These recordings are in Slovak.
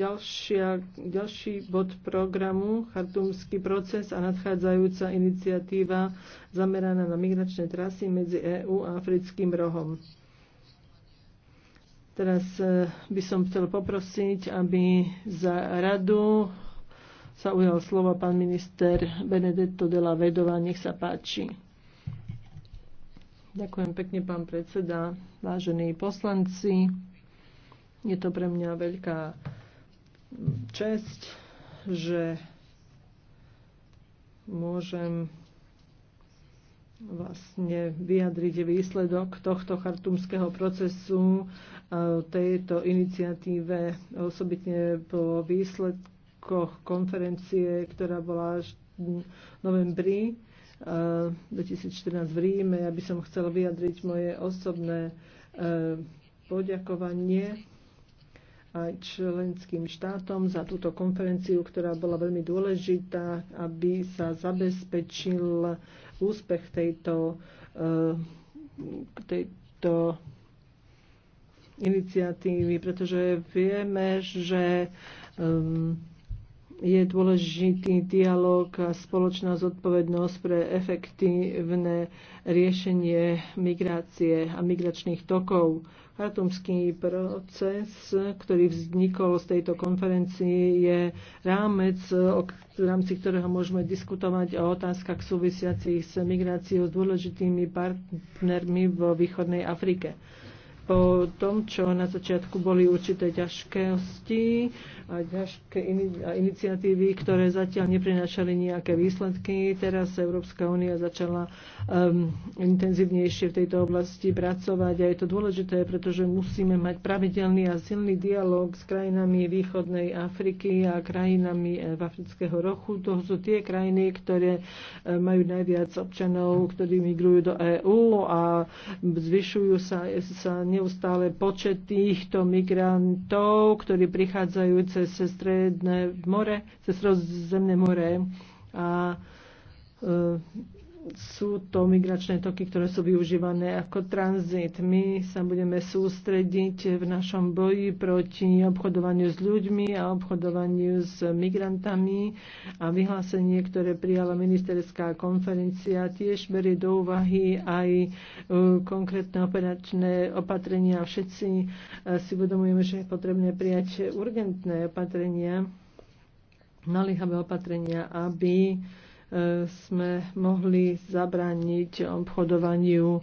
Ďalšia, ďalší bod programu, chartumský proces a nadchádzajúca iniciatíva zameraná na migračné trasy medzi EÚ a Africkým rohom. Teraz e, by som chcel poprosiť, aby za radu sa ujal slovo pán minister Benedetto de la Vedova. Nech sa páči. Ďakujem pekne, pán predseda, vážení poslanci. Je to pre mňa veľká čest, že môžem vlastne vyjadriť výsledok tohto chartumského procesu, tejto iniciatíve, osobitne po výsledkoch konferencie, ktorá bola až v novembri 2014 v Ríme. Ja by som chcela vyjadriť moje osobné e, poďakovanie aj členským štátom za túto konferenciu, ktorá bola veľmi dôležitá, aby sa zabezpečil úspech tejto, eh, tejto iniciatívy, pretože vieme, že eh, je dôležitý dialog a spoločná zodpovednosť pre efektívne riešenie migrácie a migračných tokov. Chartumský proces, ktorý vznikol z tejto konferencie, je rámec, v rámci ktorého môžeme diskutovať o otázkach súvisiacich s migráciou s dôležitými partnermi vo východnej Afrike po tom, čo na začiatku boli určité ťažkosti a ťažké iniciatívy, ktoré zatiaľ neprinášali nejaké výsledky. Teraz Európska únia začala um, intenzívnejšie v tejto oblasti pracovať a je to dôležité, pretože musíme mať pravidelný a silný dialog s krajinami východnej Afriky a krajinami eh, v afrického rochu. To sú tie krajiny, ktoré eh, majú najviac občanov, ktorí migrujú do EÚ a zvyšujú sa, sa ne neustále počet týchto migrantov, ktorí prichádzajú cez stredné more, cez rozzemné more. A e, sú to migračné toky, ktoré sú využívané ako tranzit. My sa budeme sústrediť v našom boji proti obchodovaniu s ľuďmi a obchodovaniu s migrantami a vyhlásenie, ktoré prijala ministerská konferencia, tiež berie do úvahy aj e, konkrétne operačné opatrenia. Všetci e, si uvedomujeme, že je potrebné prijať urgentné opatrenia, naliehavé opatrenia, aby sme mohli zabrániť obchodovaniu e,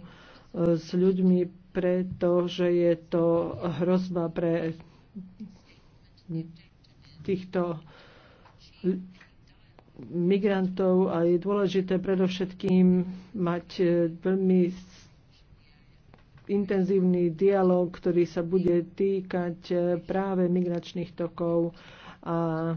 s ľuďmi, pretože je to hrozba pre týchto migrantov a je dôležité predovšetkým mať e, veľmi intenzívny dialog, ktorý sa bude týkať e, práve migračných tokov a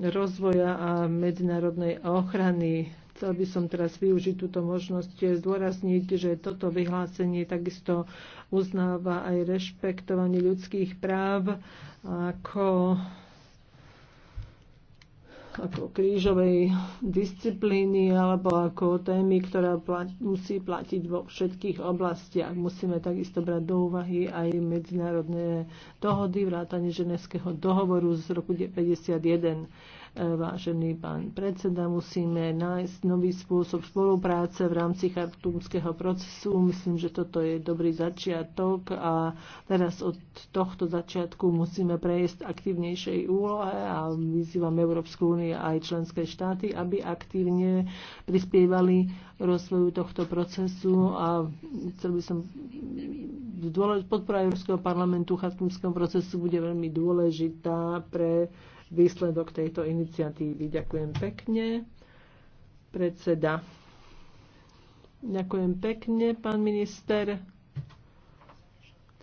rozvoja a medzinárodnej ochrany. Chcel by som teraz využiť túto možnosť zdôrazniť, že toto vyhlásenie takisto uznáva aj rešpektovanie ľudských práv ako ako krížovej disciplíny alebo ako témy, ktorá plat, musí platiť vo všetkých oblastiach. Musíme takisto brať do úvahy aj medzinárodné dohody, vrátanie ženevského dohovoru z roku 1951. Vážený pán predseda, musíme nájsť nový spôsob spolupráce v rámci chartúmskeho procesu. Myslím, že toto je dobrý začiatok a teraz od tohto začiatku musíme prejsť aktívnejšej úlohe a vyzývam Európsku úniu aj členské štáty, aby aktívne prispievali rozvoju tohto procesu a chcel by som podpora Európskeho parlamentu v chartúmskom procesu bude veľmi dôležitá pre výsledok tejto iniciatívy. Ďakujem pekne. Predseda. Ďakujem pekne, pán minister.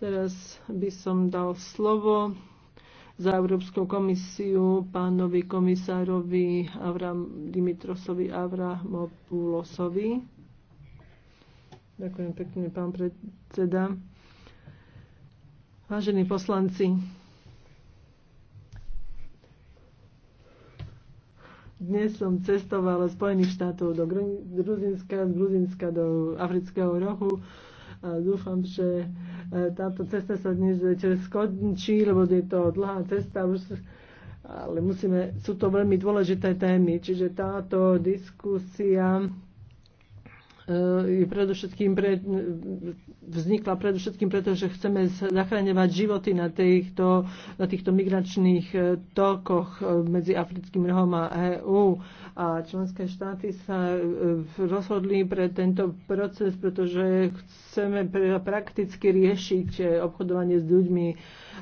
Teraz by som dal slovo za Európsku komisiu pánovi komisárovi Avram, Dimitrosovi Avramopulosovi. Ďakujem pekne, pán predseda. Vážení poslanci, Dnes som cestovala z Spojených štátov do Gruzinska, z Gruzinska do Afrického rohu. A dúfam, že e, táto cesta sa dnes večer skončí, lebo je to dlhá cesta. Už ale musíme, sú to veľmi dôležité témy, čiže táto diskusia E, predovšetkým pre, e, vznikla predovšetkým preto, že chceme zachraňovať životy na týchto, na týchto migračných e, tokoch medzi Africkým rohom a EÚ. A členské štáty sa rozhodli pre tento proces, pretože chceme prakticky riešiť obchodovanie s ľuďmi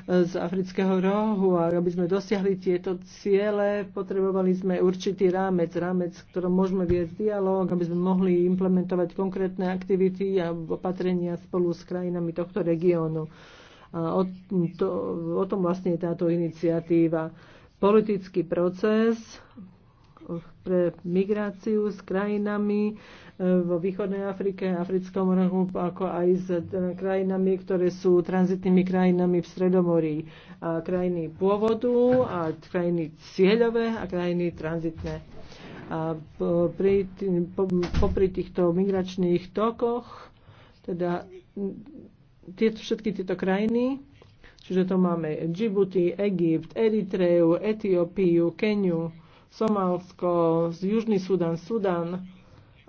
z afrického rohu. A aby sme dosiahli tieto ciele, potrebovali sme určitý rámec, rámec, v ktorom môžeme viesť dialog, aby sme mohli implementovať konkrétne aktivity a opatrenia spolu s krajinami tohto regiónu. A o, to, o tom vlastne je táto iniciatíva. Politický proces pre migráciu s krajinami e, vo východnej Afrike, Africkom rohu, ako aj s e, krajinami, ktoré sú tranzitnými krajinami v Stredomorí. A krajiny pôvodu a krajiny cieľové a krajiny tranzitné. A pri, po, popri týchto migračných tokoch, teda tieto, všetky tieto krajiny, Čiže to máme Djibouti, Egypt, Eritreu, Etiópiu, Keniu, Somálsko, Južný Sudan, Sudan,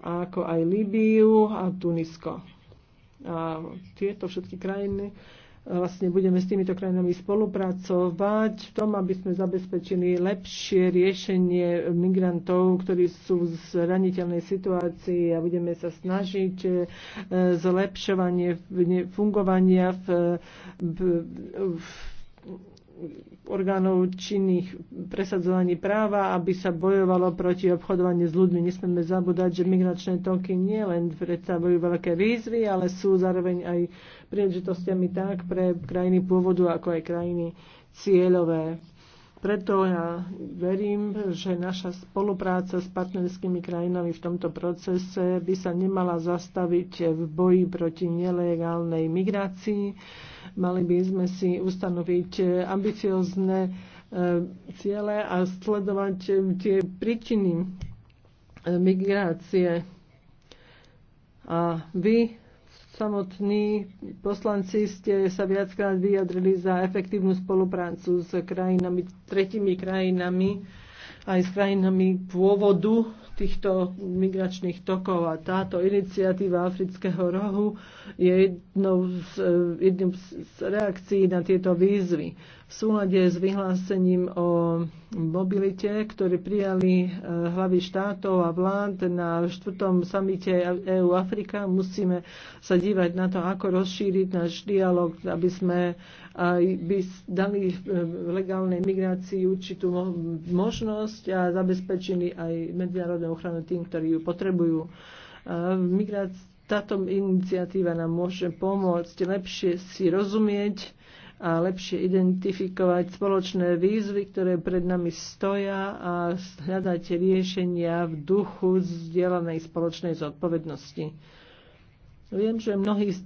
ako aj Líbiu a Tunisko. A tieto všetky krajiny e, vlastne budeme s týmito krajinami spolupracovať v tom, aby sme zabezpečili lepšie riešenie migrantov, ktorí sú v zraniteľnej situácii a budeme sa snažiť e, zlepšovanie fungovania v, v, v orgánov činných presadzovaní práva, aby sa bojovalo proti obchodovaniu s ľuďmi. Nesmieme zabúdať, že migračné toky nie len predstavujú veľké výzvy, ale sú zároveň aj príležitostiami tak pre krajiny pôvodu, ako aj krajiny cieľové. Preto ja verím, že naša spolupráca s partnerskými krajinami v tomto procese by sa nemala zastaviť v boji proti nelegálnej migrácii, Mali by sme si ustanoviť eh, ambiciozne eh, ciele a sledovať eh, tie príčiny migrácie. A vy samotní poslanci ste sa viackrát vyjadrili za efektívnu spoluprácu s krajinami, tretimi krajinami, aj s krajinami pôvodu týchto migračných tokov a táto iniciatíva Afrického rohu je jednou z, eh, jednou z reakcií na tieto výzvy. V súlade s vyhlásením o mobilite, ktorý prijali eh, hlavy štátov a vlád na štvrtom samite EU-Afrika, musíme sa dívať na to, ako rozšíriť náš dialog, aby sme a by dali e, legálnej migrácii určitú možnosť a zabezpečili aj medzinárodnú ochranu tým, ktorí ju potrebujú. Táto iniciatíva nám môže pomôcť lepšie si rozumieť a lepšie identifikovať spoločné výzvy, ktoré pred nami stoja a hľadať riešenia v duchu zdieľanej spoločnej zodpovednosti. Viem, že mnohí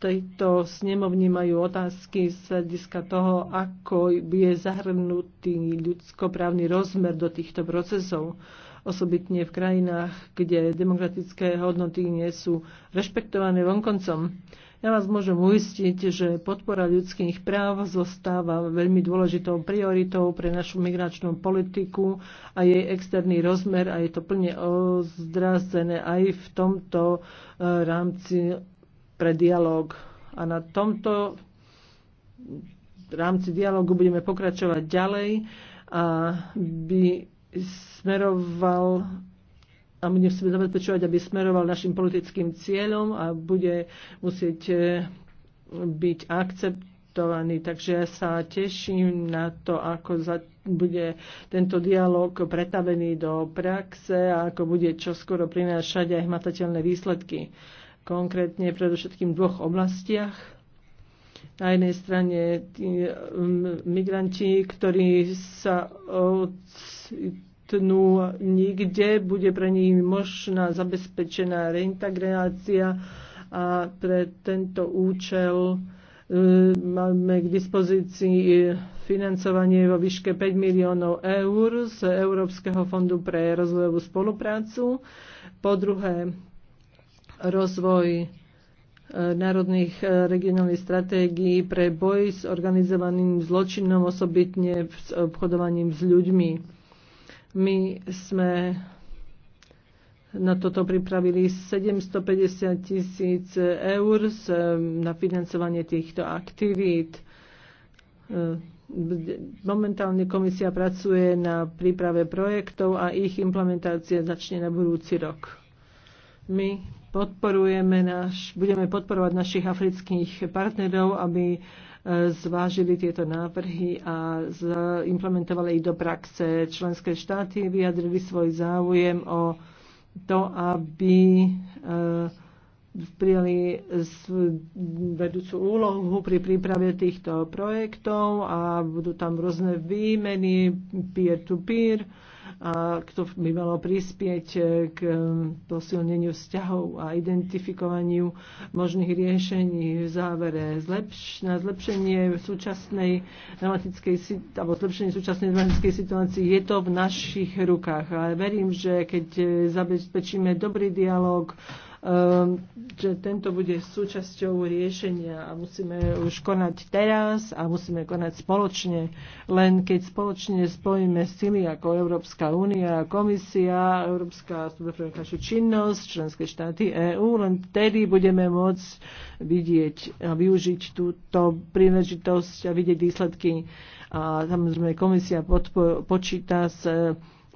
tejto snemovni majú otázky z hľadiska toho, ako je zahrnutý ľudskoprávny rozmer do týchto procesov, osobitne v krajinách, kde demokratické hodnoty nie sú rešpektované vonkoncom. Ja vás môžem uistiť, že podpora ľudských práv zostáva veľmi dôležitou prioritou pre našu migračnú politiku a jej externý rozmer a je to plne ozdrazené aj v tomto eh, rámci pre dialog. A na tomto v rámci dialogu budeme pokračovať ďalej a by smeroval a budem musíme zabezpečovať, aby smeroval našim politickým cieľom a bude musieť e, byť akceptovaný. Takže ja sa teším na to, ako za, bude tento dialog pretavený do praxe a ako bude čoskoro prinášať aj hmatateľné výsledky konkrétne predovšetkým v dvoch oblastiach. Na jednej strane tí um, migranti, ktorí sa ocitnú nikde, bude pre nich možná zabezpečená reintegrácia a pre tento účel um, máme k dispozícii financovanie vo výške 5 miliónov eur z Európskeho fondu pre rozvojovú spoluprácu. Po druhé, rozvoj e, národných e, regionálnych stratégií pre boj s organizovaným zločinom, osobitne s obchodovaním s ľuďmi. My sme na toto pripravili 750 tisíc eur e, na financovanie týchto aktivít. Momentálne komisia pracuje na príprave projektov a ich implementácia začne na budúci rok. My podporujeme naš, budeme podporovať našich afrických partnerov, aby e, zvážili tieto návrhy a implementovali ich do praxe. Členské štáty vyjadrili svoj záujem o to, aby e, prijali vedúcu úlohu pri príprave týchto projektov a budú tam rôzne výmeny peer-to-peer. -peer. -to -peer a to by malo prispieť e, k e, posilneniu vzťahov a identifikovaniu možných riešení v závere zlepš- na zlepšenie súčasnej dramatickej alebo zlepšenie súčasnej dramatickej situácii je to v našich rukách. A verím, že keď e, zabezpečíme dobrý dialog, Ehm, že tento bude súčasťou riešenia a musíme už konať teraz a musíme konať spoločne. Len keď spoločne spojíme sily ako Európska únia, komisia, Európska spolupráčna činnosť, členské štáty EÚ, len vtedy budeme môcť vidieť a využiť túto príležitosť a vidieť výsledky. A samozrejme komisia počíta s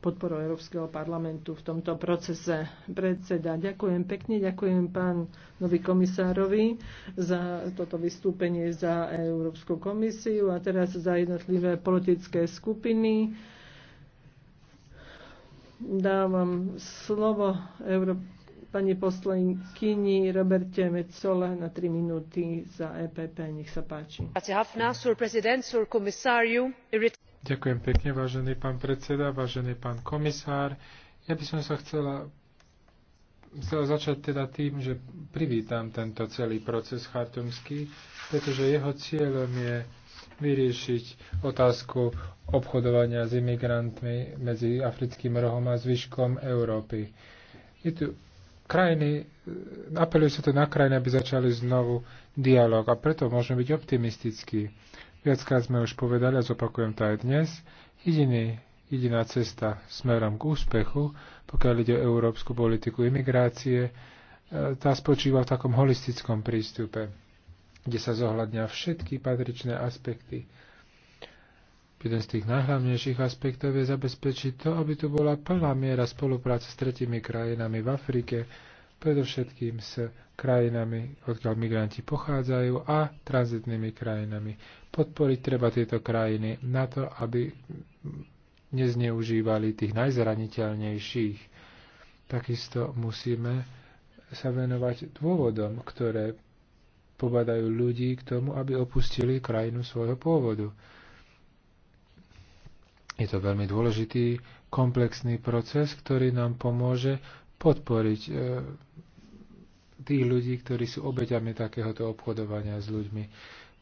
podporu Európskeho parlamentu v tomto procese predseda. Ďakujem pekne, ďakujem pán nový komisárovi za toto vystúpenie za Európsku komisiu a teraz za jednotlivé politické skupiny. Dávam slovo Euró- pani poslankyni Roberte Metzola na 3 minúty za EPP. Nech sa páči. Grazie Ďakujem pekne, vážený pán predseda, vážený pán komisár. Ja by som sa chcela, chcela začať teda tým, že privítam tento celý proces chartumský, pretože jeho cieľom je vyriešiť otázku obchodovania s imigrantmi medzi africkým rohom a zvyškom Európy. Je tu krajiny, apelujú sa to na krajiny, aby začali znovu dialog a preto môžeme byť optimistickí. Viackrát sme už povedali, a zopakujem to aj dnes, jediný, jediná cesta smerom k úspechu, pokiaľ ide o európsku politiku imigrácie, e, tá spočíva v takom holistickom prístupe, kde sa zohľadňa všetky patričné aspekty. Jeden z tých najhlavnejších aspektov je zabezpečiť to, aby tu bola plná miera spolupráce s tretimi krajinami v Afrike, predovšetkým s krajinami, odkiaľ migranti pochádzajú a tranzitnými krajinami. Podporiť treba tieto krajiny na to, aby nezneužívali tých najzraniteľnejších. Takisto musíme sa venovať dôvodom, ktoré pobadajú ľudí k tomu, aby opustili krajinu svojho pôvodu. Je to veľmi dôležitý komplexný proces, ktorý nám pomôže podporiť e, tých ľudí, ktorí sú obeťami takéhoto obchodovania s ľuďmi.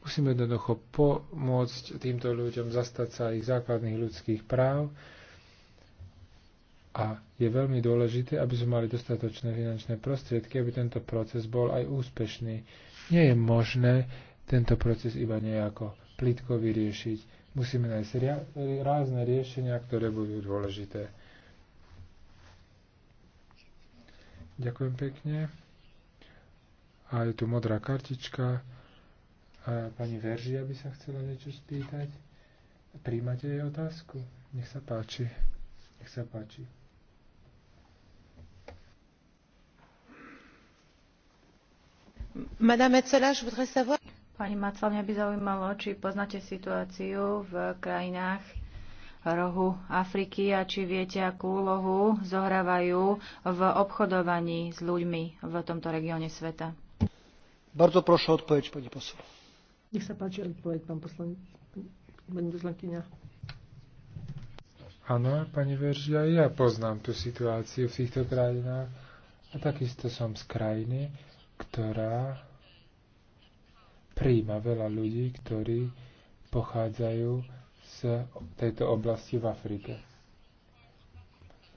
Musíme jednoducho pomôcť týmto ľuďom zastať sa ich základných ľudských práv a je veľmi dôležité, aby sme mali dostatočné finančné prostriedky, aby tento proces bol aj úspešný. Nie je možné tento proces iba nejako plitko vyriešiť. Musíme nájsť rázne riešenia, ktoré budú dôležité. Ďakujem pekne. A je tu modrá kartička. A pani Veržia by sa chcela niečo spýtať. Príjmate jej otázku? Nech sa páči. Nech sa páči. Madame Metzela, je voudrais savoir... Pani Macla, mňa by zaujímalo, či poznáte situáciu v krajinách rohu Afriky a či viete, akú úlohu zohrávajú v obchodovaní s ľuďmi v tomto regióne sveta. Bardzo proszę o pani posol. Nech sa páči odpoveď, pán poslanec, pani poslankyňa. Áno, pani Veržia, ja poznám tú situáciu v týchto krajinách a takisto som z krajiny, ktorá príjma veľa ľudí, ktorí pochádzajú tejto oblasti v Afrike.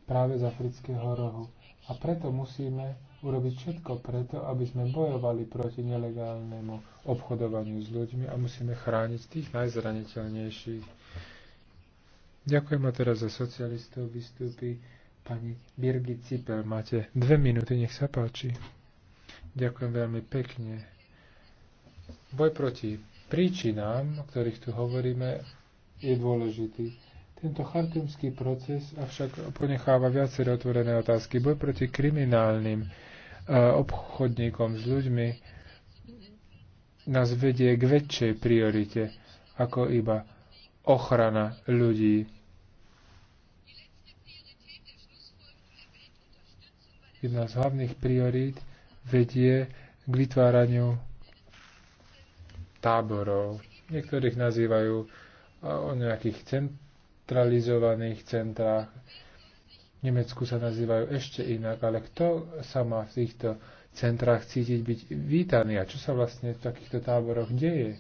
Práve z afrického rohu. A preto musíme urobiť všetko preto, aby sme bojovali proti nelegálnemu obchodovaniu s ľuďmi a musíme chrániť tých najzraniteľnejších. Ďakujem a teraz za socialistov vystúpi pani Birgit Cipel. Máte dve minúty, nech sa páči. Ďakujem veľmi pekne. Boj proti príčinám, o ktorých tu hovoríme, je dôležitý. Tento chartumský proces avšak ponecháva viaceré otvorené otázky. Boj proti kriminálnym e, obchodníkom s ľuďmi nás vedie k väčšej priorite ako iba ochrana ľudí. Jedna z hlavných priorít vedie k vytváraniu táborov. Niektorých nazývajú o nejakých centralizovaných centrách. V Nemecku sa nazývajú ešte inak, ale kto sa má v týchto centrách cítiť byť vítaný a čo sa vlastne v takýchto táboroch deje?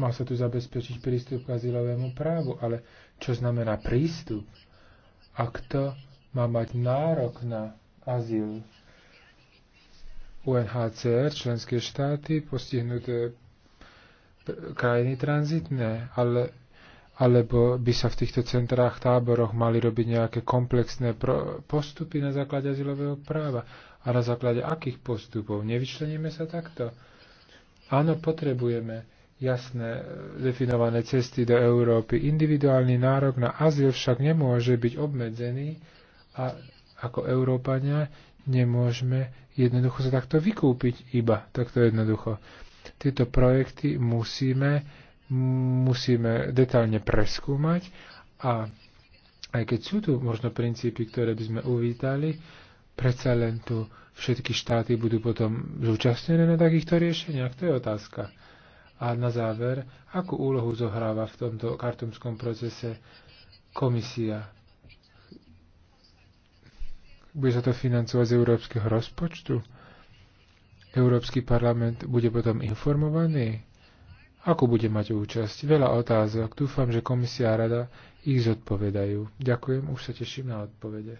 Má sa tu zabezpečiť prístup k azylovému právu, ale čo znamená prístup? A kto má mať nárok na azyl? UNHCR, členské štáty, postihnuté krajiny tranzitné, ale, alebo by sa v týchto centrách, táboroch mali robiť nejaké komplexné pro, postupy na základe azylového práva. A na základe akých postupov? Nevyčleníme sa takto? Áno, potrebujeme jasné e, definované cesty do Európy. Individuálny nárok na azyl však nemôže byť obmedzený a ako Európania nemôžeme jednoducho sa takto vykúpiť iba takto jednoducho. Tieto projekty musíme, musíme detálne preskúmať a aj keď sú tu možno princípy, ktoré by sme uvítali, predsa len tu všetky štáty budú potom zúčastnené na takýchto riešeniach? To je otázka. A na záver, akú úlohu zohráva v tomto kartumskom procese komisia? Bude sa to financovať z európskeho rozpočtu? Európsky parlament bude potom informovaný? Ako bude mať účasť? Veľa otázok. Dúfam, že komisia a rada ich zodpovedajú. Ďakujem, už sa teším na odpovede.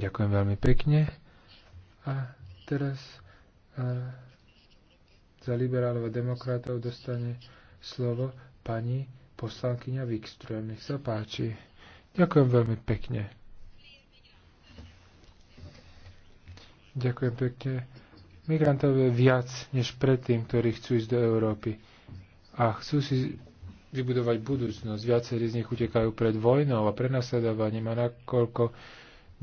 Ďakujem veľmi pekne. A teraz a, e, za liberálov a demokratov dostane slovo pani poslankyňa Wikström. Nech sa páči. Ďakujem veľmi pekne. Ďakujem pekne. Migrantov je viac než predtým, ktorí chcú ísť do Európy. A chcú si vybudovať budúcnosť. Viacerí z nich utekajú pred vojnou a prenasledovaním a nakoľko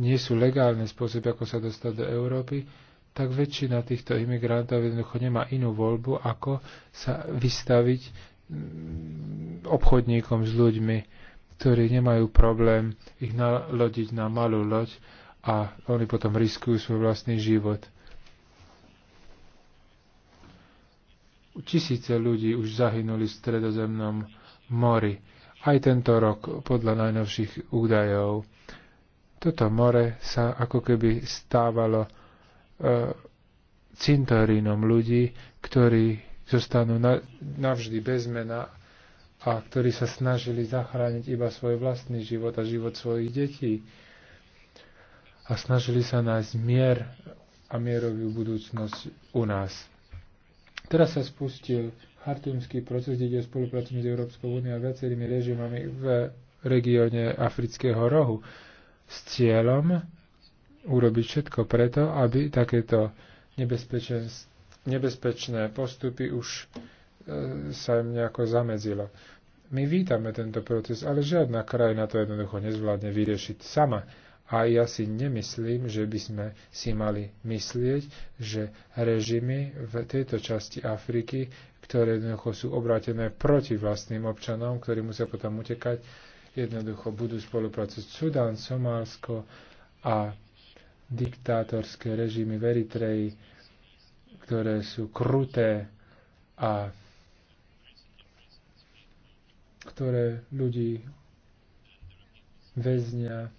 nie sú legálne spôsoby, ako sa dostať do Európy, tak väčšina týchto imigrantov jednoducho nemá inú voľbu, ako sa vystaviť mm, obchodníkom s ľuďmi, ktorí nemajú problém ich nalodiť na malú loď a oni potom riskujú svoj vlastný život. Tisíce ľudí už zahynuli v stredozemnom mori. Aj tento rok, podľa najnovších údajov. Toto more sa ako keby stávalo e, cintorínom ľudí, ktorí zostanú na, navždy bez mena a ktorí sa snažili zachrániť iba svoj vlastný život a život svojich detí a snažili sa nájsť mier a mierovú budúcnosť u nás. Teraz sa spustil hartumský proces, kde ide o spoluprácu medzi Európskou úniou a viacerými režimami v regióne Afrického rohu s cieľom urobiť všetko preto, aby takéto nebezpečné postupy už e, sa im nejako zamedzilo. My vítame tento proces, ale žiadna krajina to jednoducho nezvládne vyriešiť sama. A ja si nemyslím, že by sme si mali myslieť, že režimy v tejto časti Afriky, ktoré jednoducho sú obrátené proti vlastným občanom, ktorí musia potom utekať, jednoducho budú spolupracovať Sudán, Somálsko a diktátorské režimy v Eritreji, ktoré sú kruté a ktoré ľudí väznia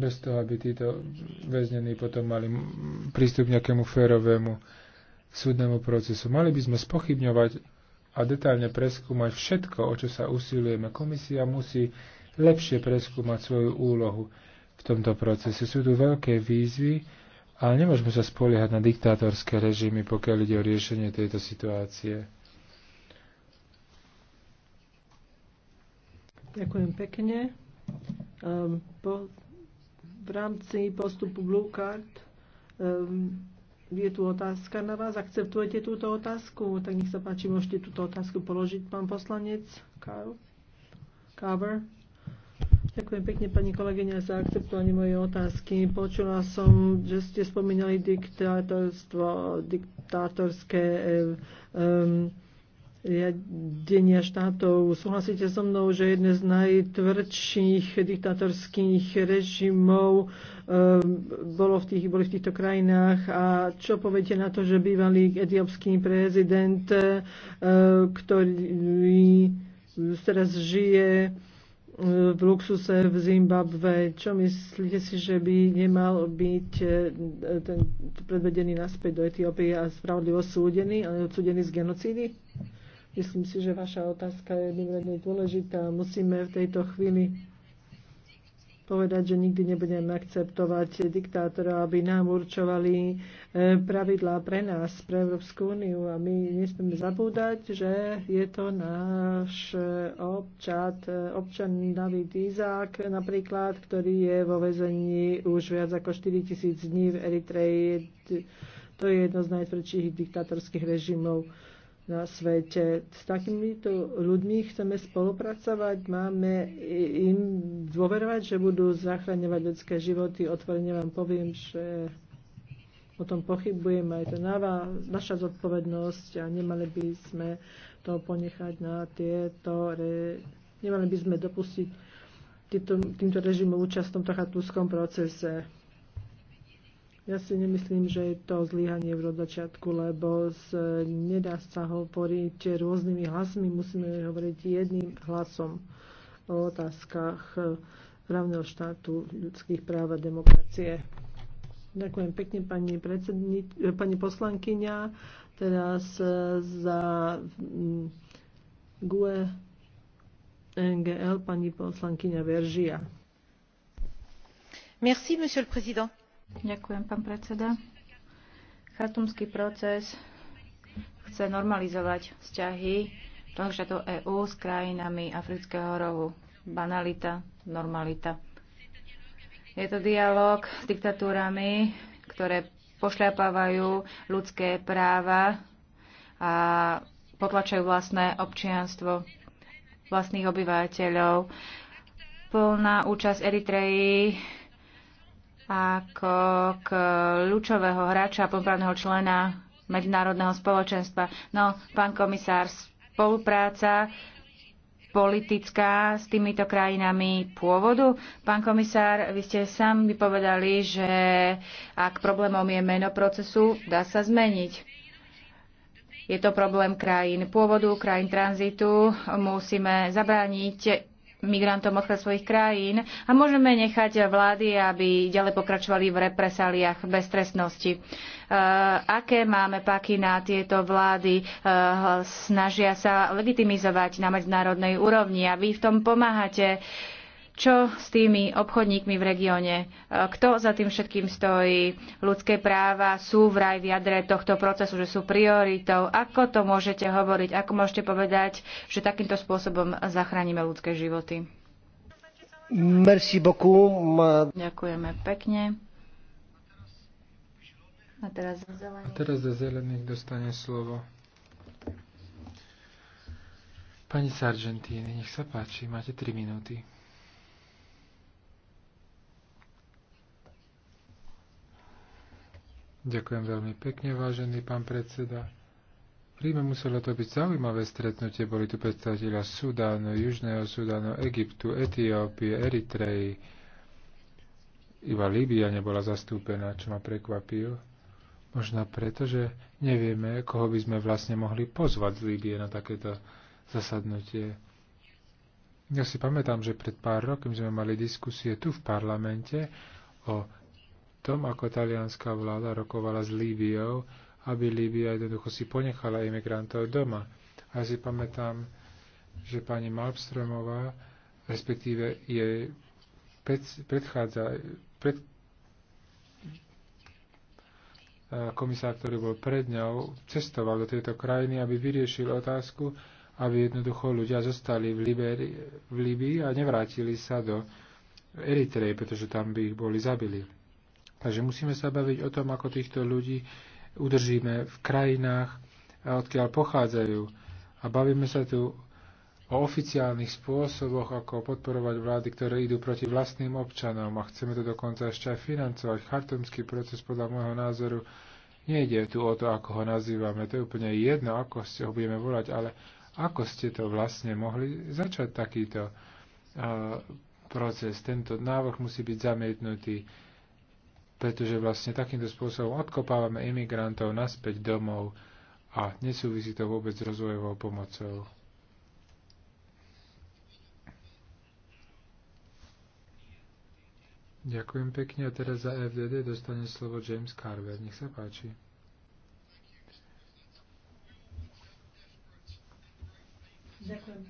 bez toho, aby títo väznení potom mali prístup k nejakému férovému súdnemu procesu. Mali by sme spochybňovať a detálne preskúmať všetko, o čo sa usilujeme. Komisia musí lepšie preskúmať svoju úlohu v tomto procese. Sú tu veľké výzvy, ale nemôžeme sa spoliehať na diktátorské režimy, pokiaľ ide o riešenie tejto situácie. Ďakujem pekne. Um, po v rámci postupu Blue Card um, je tu otázka na vás. Akceptujete túto otázku? Tak nech sa páči, môžete túto otázku položiť, pán poslanec. Cover? Ďakujem pekne, pani kolegyňa, za akceptovanie mojej otázky. Počula som, že ste spomínali diktátorstvo, diktátorské um, riadenia štátov. Súhlasíte so mnou, že jeden z najtvrdších diktatorských režimov eh, bolo v tých, boli v týchto krajinách a čo poviete na to, že bývalý etiópsky prezident, eh, ktorý teraz žije eh, v luxuse v Zimbabve. Čo myslíte si, že by nemal byť ten predvedený naspäť do Etiópie a spravodlivo súdený, ale odsúdený z genocídy? Myslím si, že vaša otázka je mimoriadne dôležitá. Musíme v tejto chvíli povedať, že nikdy nebudeme akceptovať diktátora, aby nám určovali e, pravidlá pre nás, pre Európsku úniu. A my nesmieme zabúdať, že je to náš e, občat, e, občan David Izák napríklad, ktorý je vo väzení už viac ako tisíc dní v Eritreji. To je jedno z najtvrdších diktátorských režimov na svete. S takýmito ľuďmi chceme spolupracovať, máme im dôverovať, že budú zachraňovať ľudské životy. Otvorene vám poviem, že o tom pochybujem, aj to naša zodpovednosť a nemali by sme to ponechať na tieto, re, nemali by sme dopustiť týmto, týmto režimom účasť v tomto chatúskom procese. Ja si nemyslím, že je to zlyhanie v začiatku, lebo s, nedá sa hovoriť rôznymi hlasmi, musíme hovoriť jedným hlasom o otázkach právneho štátu, ľudských práv a demokracie. Ďakujem pekne pani, predsedni, pani poslankyňa. Teraz e, za GUE NGL pani poslankyňa Veržia. Merci, monsieur le président Ďakujem, pán predseda. Chartumský proces chce normalizovať vzťahy členských štátov EÚ s krajinami Afrického rohu. Banalita, normalita. Je to dialog s diktatúrami, ktoré pošľapávajú ľudské práva a potlačajú vlastné občianstvo vlastných obyvateľov. Plná účasť Eritreji ako kľúčového hráča a člena medzinárodného spoločenstva. No, pán komisár, spolupráca politická s týmito krajinami pôvodu. Pán komisár, vy ste sám vypovedali, že ak problémom je meno procesu, dá sa zmeniť. Je to problém krajín pôvodu, krajín tranzitu. Musíme zabrániť migrantom odchádzať svojich krajín a môžeme nechať vlády, aby ďalej pokračovali v represáliách bez trestnosti. Eh, aké máme paky na tieto vlády? Eh, snažia sa legitimizovať na medzinárodnej úrovni a vy v tom pomáhate čo s tými obchodníkmi v regióne, e, kto za tým všetkým stojí. Ľudské práva sú vraj v jadre tohto procesu, že sú prioritou. Ako to môžete hovoriť? Ako môžete povedať, že takýmto spôsobom zachránime ľudské životy? Merci beaucoup. Ďakujeme pekne. A teraz za zelených. A teraz za zelených dostane slovo. Pani Sargentini, nech sa páči, máte 3 minúty. Ďakujem veľmi pekne, vážený pán predseda. V Ríme muselo to byť zaujímavé stretnutie. Boli tu predstaviteľa Sudánu, Južného Sudánu, Egyptu, Etiópie, Eritreji. Iba Líbia nebola zastúpená, čo ma prekvapil, Možno preto, že nevieme, koho by sme vlastne mohli pozvať z Líbie na takéto zasadnutie. Ja si pamätám, že pred pár rokmi sme mali diskusie tu v parlamente o tom, ako talianská vláda rokovala s Líbiou, aby Líbia jednoducho si ponechala imigrantov doma. A ja si pamätám, že pani Malmströmová, respektíve jej pred, predchádza, pred, komisár, ktorý bol pred ňou, cestoval do tejto krajiny, aby vyriešil otázku, aby jednoducho ľudia zostali v, Liberi, v Libii a nevrátili sa do Eritreje, pretože tam by ich boli zabili. Takže musíme sa baviť o tom, ako týchto ľudí udržíme v krajinách, odkiaľ pochádzajú. A bavíme sa tu o oficiálnych spôsoboch, ako podporovať vlády, ktoré idú proti vlastným občanom a chceme to dokonca ešte aj financovať. Chartumský proces podľa môjho názoru nejde tu o to, ako ho nazývame. To je úplne jedno, ako ste ho budeme volať, ale ako ste to vlastne mohli začať takýto uh, proces. Tento návrh musí byť zamietnutý pretože vlastne takýmto spôsobom odkopávame imigrantov naspäť domov a nesúvisí to vôbec s rozvojovou pomocou. Ďakujem pekne a teraz za FDD dostane slovo James Carver. Nech sa páči. Ďakujem,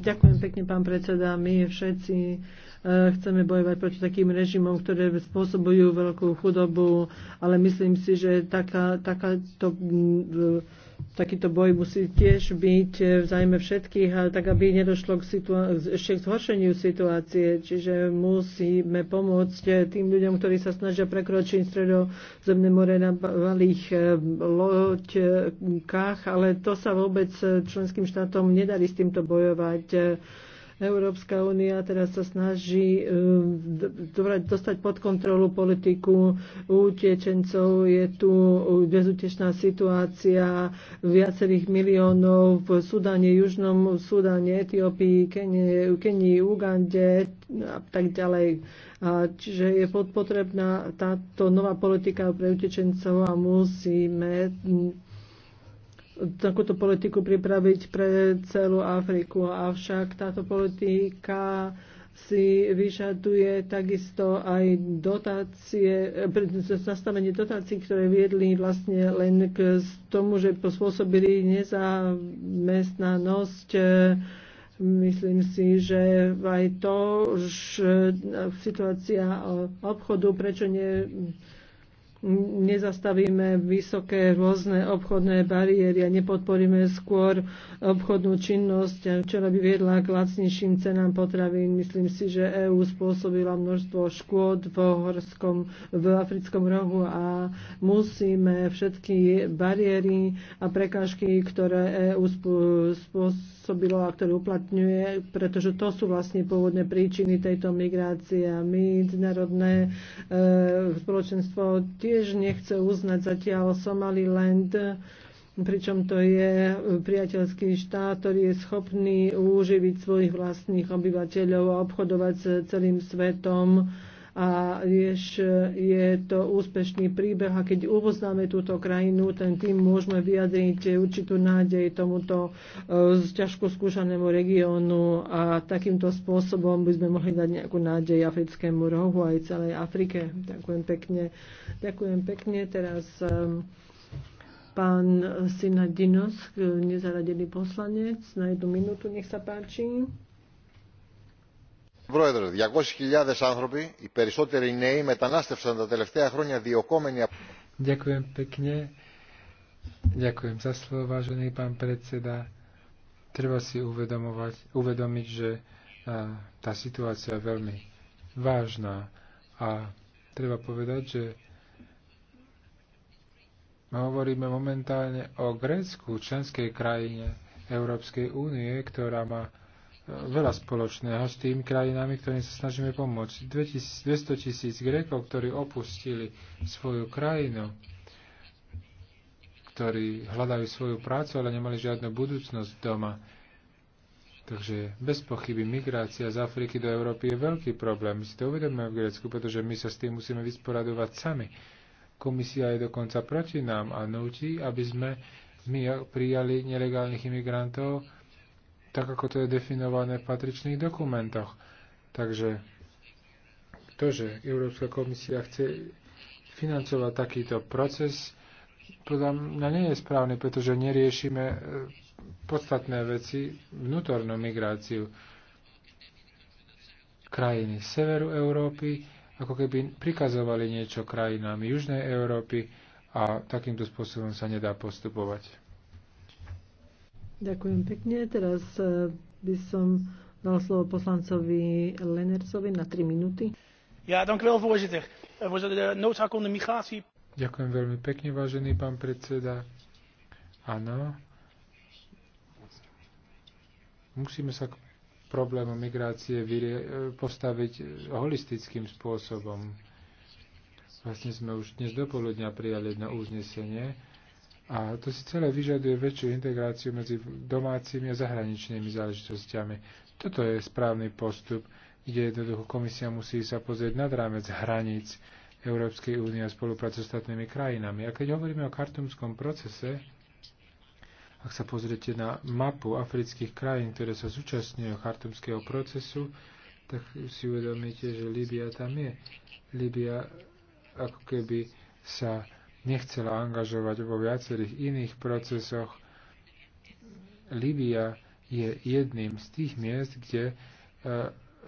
ďakujem, pekne, pán. predseda. My všetci eh, chceme bojovať proti takým režimom, ktoré spôsobujú veľkú chudobu, ale myslím si, že taká, mm, takýto boj musí tiež byť v zájme všetkých, ale tak, aby nedošlo k situá- ešte k zhoršeniu situácie. Čiže musíme pomôcť eh, tým ľuďom, ktorí sa snažia prekročiť stredozemné more na malých eh, loďkách, ale to sa vôbec eh, členským štátom nedarí s týmto bojovať Európska únia teraz sa snaží eh, dostať pod kontrolu politiku utečencov. Je tu bezútečná situácia viacerých miliónov v Sudáne, Južnom Sudáne, Etiópii, Kenii, Ugande a tak ďalej. A čiže je potrebná táto nová politika pre utečencov a musíme takúto politiku pripraviť pre celú Afriku. Avšak táto politika si vyžaduje takisto aj dotácie, zastavenie dotácií, ktoré viedli vlastne len k tomu, že spôsobili nezamestnanosť. Myslím si, že aj to, že situácia obchodu, prečo ne, nezastavíme vysoké rôzne obchodné bariéry a nepodporíme skôr obchodnú činnosť, čo by viedla k lacnejším cenám potravín. Myslím si, že EÚ spôsobila množstvo škôd v, horskom, v africkom rohu a musíme všetky bariéry a prekážky, ktoré EÚ spôsobilo a ktoré uplatňuje, pretože to sú vlastne pôvodné príčiny tejto migrácie a my, národné e, spoločenstvo, tiež nechce uznať zatiaľ Somaliland, pričom to je priateľský štát, ktorý je schopný uživiť svojich vlastných obyvateľov a obchodovať s celým svetom a vieš, e, je to úspešný príbeh a keď uvoznáme túto krajinu, ten tým môžeme vyjadriť určitú nádej tomuto e, ťažko skúšanému regiónu a takýmto spôsobom by sme mohli dať nejakú nádej africkému rohu aj celej Afrike. Ďakujem pekne. Ďakujem pekne. Teraz pán Synadinos, nezaradený poslanec, na jednu minútu, nech sa páči. Πρόεδρε, 200.000 άνθρωποι, οι περισσότεροι νέοι, μετανάστευσαν τα τελευταία χρόνια διωκόμενοι από... Ďakujem za slovo, vážený pán predseda. Treba si uvedomovať, uvedomiť, že tá situácia je veľmi vážna a treba povedať, že my hovoríme momentálne o Grécku, členskej krajine Európskej únie, ktorá má veľa spoločného s tými krajinami, ktorým sa snažíme pomôcť. 200 tisíc Grékov, ktorí opustili svoju krajinu, ktorí hľadajú svoju prácu, ale nemali žiadnu budúcnosť doma. Takže bez pochyby migrácia z Afriky do Európy je veľký problém. My si to uvedomujeme v Grécku, pretože my sa s tým musíme vysporadovať sami. Komisia je dokonca proti nám a nutí, aby sme my prijali nelegálnych imigrantov, tak ako to je definované v patričných dokumentoch. Takže to, že Európska komisia chce financovať takýto proces, podľa mňa nie je správne, pretože neriešime e, podstatné veci, vnútornú migráciu. Krajiny severu Európy ako keby prikazovali niečo krajinám južnej Európy a takýmto spôsobom sa nedá postupovať. Ďakujem pekne. Teraz e, by som dal slovo poslancovi Lenercovi na 3 minúty. Ja, dank wel, voorzitter. Eh, voorzitter, de noodzaak onder migratie... Ďakujem veľmi pekne, vážený pán predseda. Áno. Musíme sa k problému migrácie e, postaviť e, holistickým spôsobom. Vlastne sme už dnes do poludnia prijali jedno uznesenie, a to si celé vyžaduje väčšiu integráciu medzi domácimi a zahraničnými záležitostiami. Toto je správny postup, kde jednoducho komisia musí sa pozrieť nad rámec hraníc Európskej únie a spolupráce s ostatnými krajinami. A keď hovoríme o kartumskom procese, ak sa pozriete na mapu afrických krajín, ktoré sa zúčastňujú chartumského procesu, tak si uvedomíte, že Líbia tam je. Líbia ako keby sa nechcela angažovať vo viacerých iných procesoch. Libia je jedným z tých miest, kde e,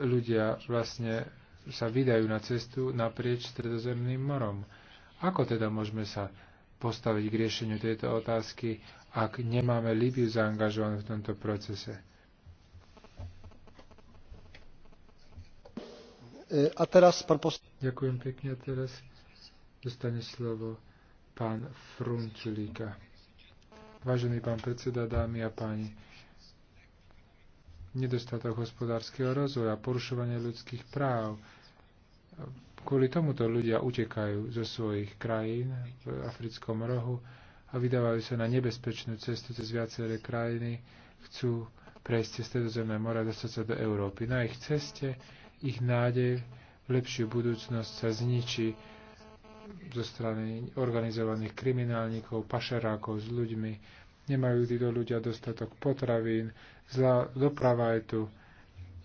ľudia vlastne sa vydajú na cestu naprieč stredozemným morom. Ako teda môžeme sa postaviť k riešeniu tejto otázky, ak nemáme Libiu zaangažovanú v tomto procese? E, a teraz, pán pos... Ďakujem pekne. A teraz dostane slovo pán Frunčilíka. Vážený pán predseda, dámy a páni, nedostatok hospodárskeho rozvoja, porušovanie ľudských práv. Kvôli tomuto ľudia utekajú zo svojich krajín v africkom rohu a vydávajú sa na nebezpečnú cestu cez viaceré krajiny, chcú prejsť cez Stredozemné more a dostať sa do Európy. Na ich ceste ich nádej v lepšiu budúcnosť sa zničí zo strany organizovaných kriminálnikov, pašerákov s ľuďmi. Nemajú títo ľudia dostatok potravín, zlá doprava je tu.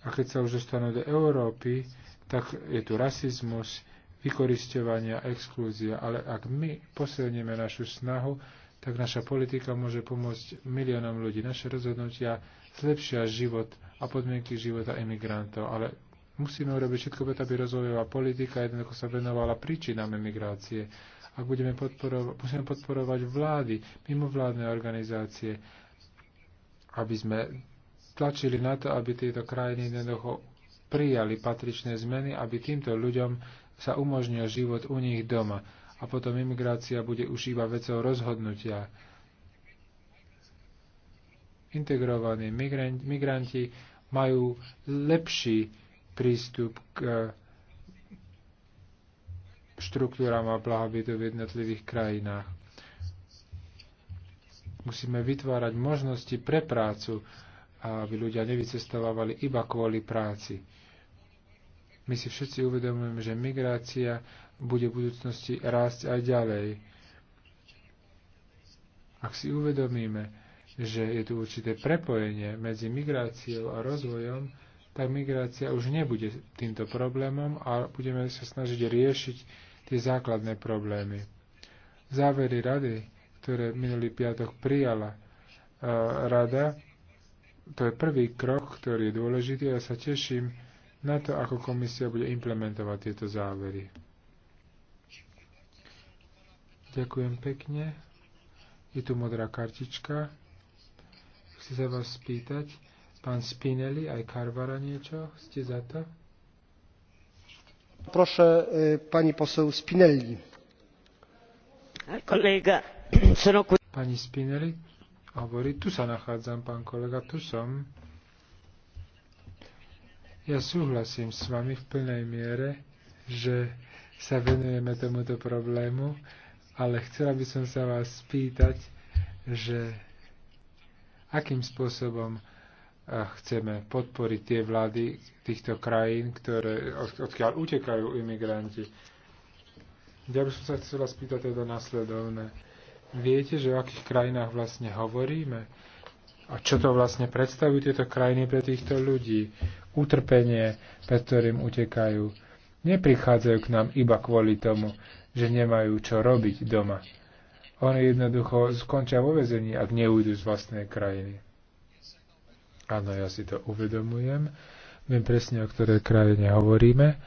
A keď sa už dostanú do Európy, tak je tu rasizmus, a exklúzia. Ale ak my posilníme našu snahu, tak naša politika môže pomôcť miliónom ľudí. Naše rozhodnutia zlepšia život a podmienky života imigrantov, ale Musíme urobiť všetko preto, aby rozvojová politika jednoducho sa venovala príčinám emigrácie. Ak budeme podporovať, musíme podporovať vlády, mimovládne organizácie, aby sme tlačili na to, aby tieto krajiny jednoducho prijali patričné zmeny, aby týmto ľuďom sa umožnil život u nich doma. A potom imigrácia bude už iba vecou rozhodnutia. Integrovaní migranti majú lepší prístup k štruktúram a blahobytu v jednotlivých krajinách. Musíme vytvárať možnosti pre prácu, aby ľudia nevycestovávali iba kvôli práci. My si všetci uvedomujeme, že migrácia bude v budúcnosti rásť aj ďalej. Ak si uvedomíme, že je tu určité prepojenie medzi migráciou a rozvojom, tak migrácia už nebude týmto problémom a budeme sa snažiť riešiť tie základné problémy. Závery rady, ktoré minulý piatok prijala e, rada, to je prvý krok, ktorý je dôležitý a ja sa teším na to, ako komisia bude implementovať tieto závery. Ďakujem pekne. Je tu modrá kartička. Chci sa vás spýtať, Pán Spinelli, aj Karvara niečo? Ste za to? Proszę e, pani poseł Spinelli. Kolega, Pani Spinelli hovorí, tu sa nachádzam, pán kolega, tu som. Ja súhlasím s vami v plnej miere, že sa venujeme tomuto problému, ale chcela by som sa vás spýtať, že akým spôsobom chceme podporiť tie vlády týchto krajín, ktoré, odkiaľ utekajú imigranti. Ja by som sa chcela spýtať teda nasledovné. Viete, že o akých krajinách vlastne hovoríme? A čo to vlastne predstavujú tieto krajiny pre týchto ľudí? Utrpenie, pred ktorým utekajú. Neprichádzajú k nám iba kvôli tomu, že nemajú čo robiť doma. Oni jednoducho skončia vo vezení, ak neújdu z vlastnej krajiny. Áno, ja si to uvedomujem. Viem presne, o ktoré krajine hovoríme.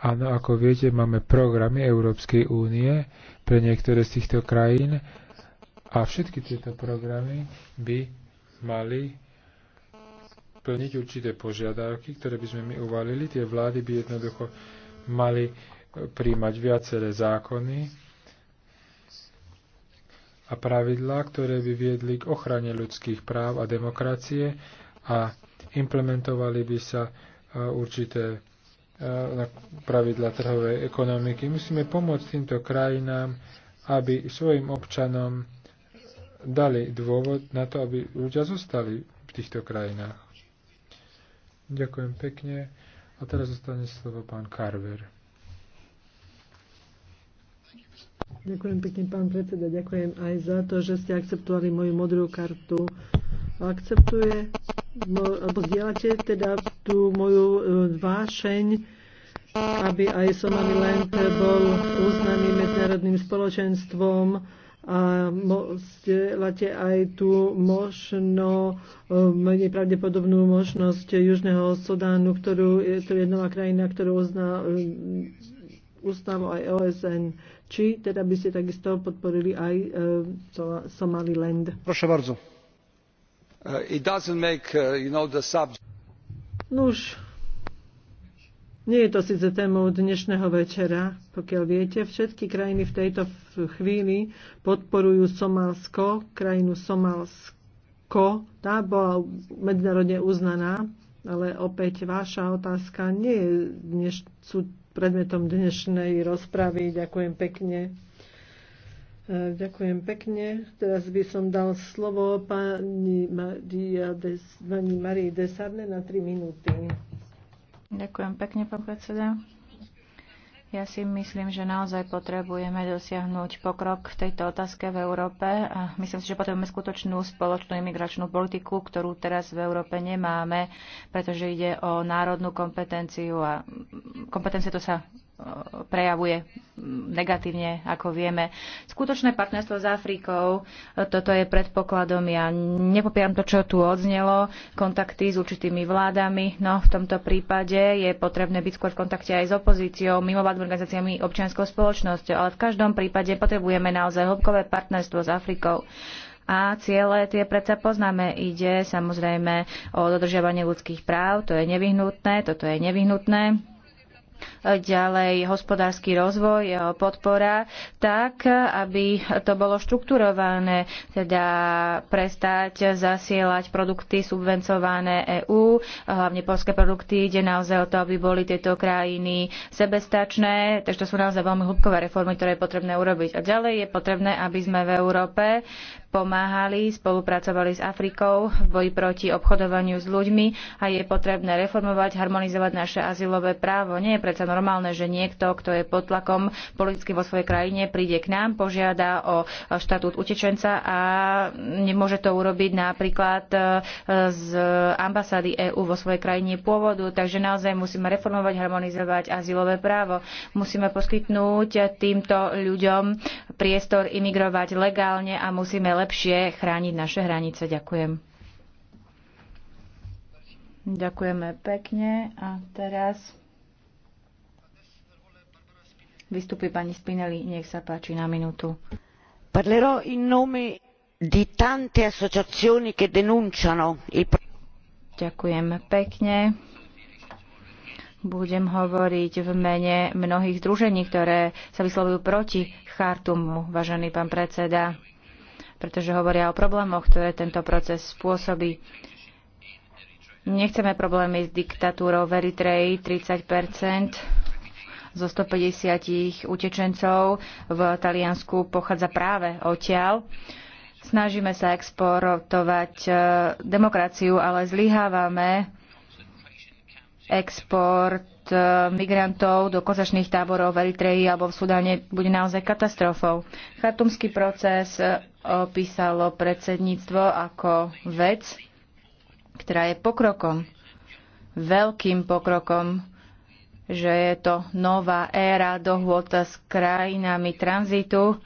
Áno, ako viete, máme programy Európskej únie pre niektoré z týchto krajín a všetky tieto programy by mali plniť určité požiadavky, ktoré by sme my uvalili. Tie vlády by jednoducho mali príjmať viaceré zákony a pravidlá, ktoré by viedli k ochrane ľudských práv a demokracie a implementovali by sa e, určité e, pravidla trhovej ekonomiky. Musíme pomôcť týmto krajinám, aby svojim občanom dali dôvod na to, aby ľudia zostali v týchto krajinách. Ďakujem pekne. A teraz zostane slovo pán Carver. Ďakujem pekne, pán predseda. Ďakujem aj za to, že ste akceptovali moju modrú kartu. Akceptuje alebo zdieľate teda tú moju e, vášeň, aby aj Somaliland bol uznaný medzinárodným spoločenstvom a zdieľate aj tú možno e, menej pravdepodobnú možnosť Južného Sudánu, ktorú je to jednová krajina, ktorú uzná ústavu e, aj OSN. Či teda by ste takisto podporili aj e, Somaliland? Prosím, bardzo. Uh, it doesn't make uh, you know the subject Nuž, nie je to síce témou dnešného večera, pokiaľ viete, všetky krajiny v tejto chvíli podporujú Somálsko, krajinu Somálsko, tá bola medzinárodne uznaná, ale opäť vaša otázka nie je dneš, sú predmetom dnešnej rozpravy. Ďakujem pekne. E, ďakujem pekne. Teraz by som dal slovo pani, Maria Des, pani Marii Desarne na 3 minúty. Ďakujem pekne, pán predseda. Ja si myslím, že naozaj potrebujeme dosiahnuť pokrok v tejto otázke v Európe a myslím si, že potrebujeme skutočnú spoločnú imigračnú politiku, ktorú teraz v Európe nemáme, pretože ide o národnú kompetenciu a kompetencie to sa prejavuje negatívne, ako vieme. Skutočné partnerstvo s Afrikou, toto je predpokladom, ja nepopieram to, čo tu odznelo, kontakty s určitými vládami, no v tomto prípade je potrebné byť skôr v kontakte aj s opozíciou, mimovládnymi organizáciami, občianskou spoločnosťou, ale v každom prípade potrebujeme naozaj hĺbkové partnerstvo s Afrikou. A ciele tie predsa poznáme. Ide samozrejme o dodržiavanie ľudských práv, to je nevyhnutné, toto je nevyhnutné ďalej hospodársky rozvoj, jeho podpora, tak, aby to bolo štrukturované, teda prestať zasielať produkty subvencované EÚ, hlavne polské produkty, ide naozaj o to, aby boli tieto krajiny sebestačné, takže to sú naozaj veľmi hlubkové reformy, ktoré je potrebné urobiť. A ďalej je potrebné, aby sme v Európe pomáhali, spolupracovali s Afrikou v boji proti obchodovaniu s ľuďmi a je potrebné reformovať, harmonizovať naše azylové právo. Nie je predsa normálne, že niekto, kto je pod tlakom politicky vo svojej krajine, príde k nám, požiada o štatút utečenca a nemôže to urobiť napríklad e, z ambasády EÚ vo svojej krajine pôvodu. Takže naozaj musíme reformovať, harmonizovať azylové právo. Musíme poskytnúť týmto ľuďom priestor imigrovať legálne a musíme lepšie chrániť naše hranice. Ďakujem. Ďakujeme pekne. A teraz vystupí pani Spinelli. Nech sa páči na minútu. Parlerò in nome di tante associazioni che denunciano il... Ďakujem pekne budem hovoriť v mene mnohých združení, ktoré sa vyslovujú proti Chartumu, vážený pán predseda, pretože hovoria o problémoch, ktoré tento proces spôsobí. Nechceme problémy s diktatúrou v Eritreji 30 zo 150 utečencov v Taliansku pochádza práve odtiaľ. Snažíme sa exportovať eh, demokraciu, ale zlyhávame export eh, migrantov do kozačných táborov v Eritreji alebo v Sudáne bude naozaj katastrofou. Chartumský proces eh, opísalo predsedníctvo ako vec, ktorá je pokrokom, veľkým pokrokom, že je to nová éra dohôd s krajinami tranzitu,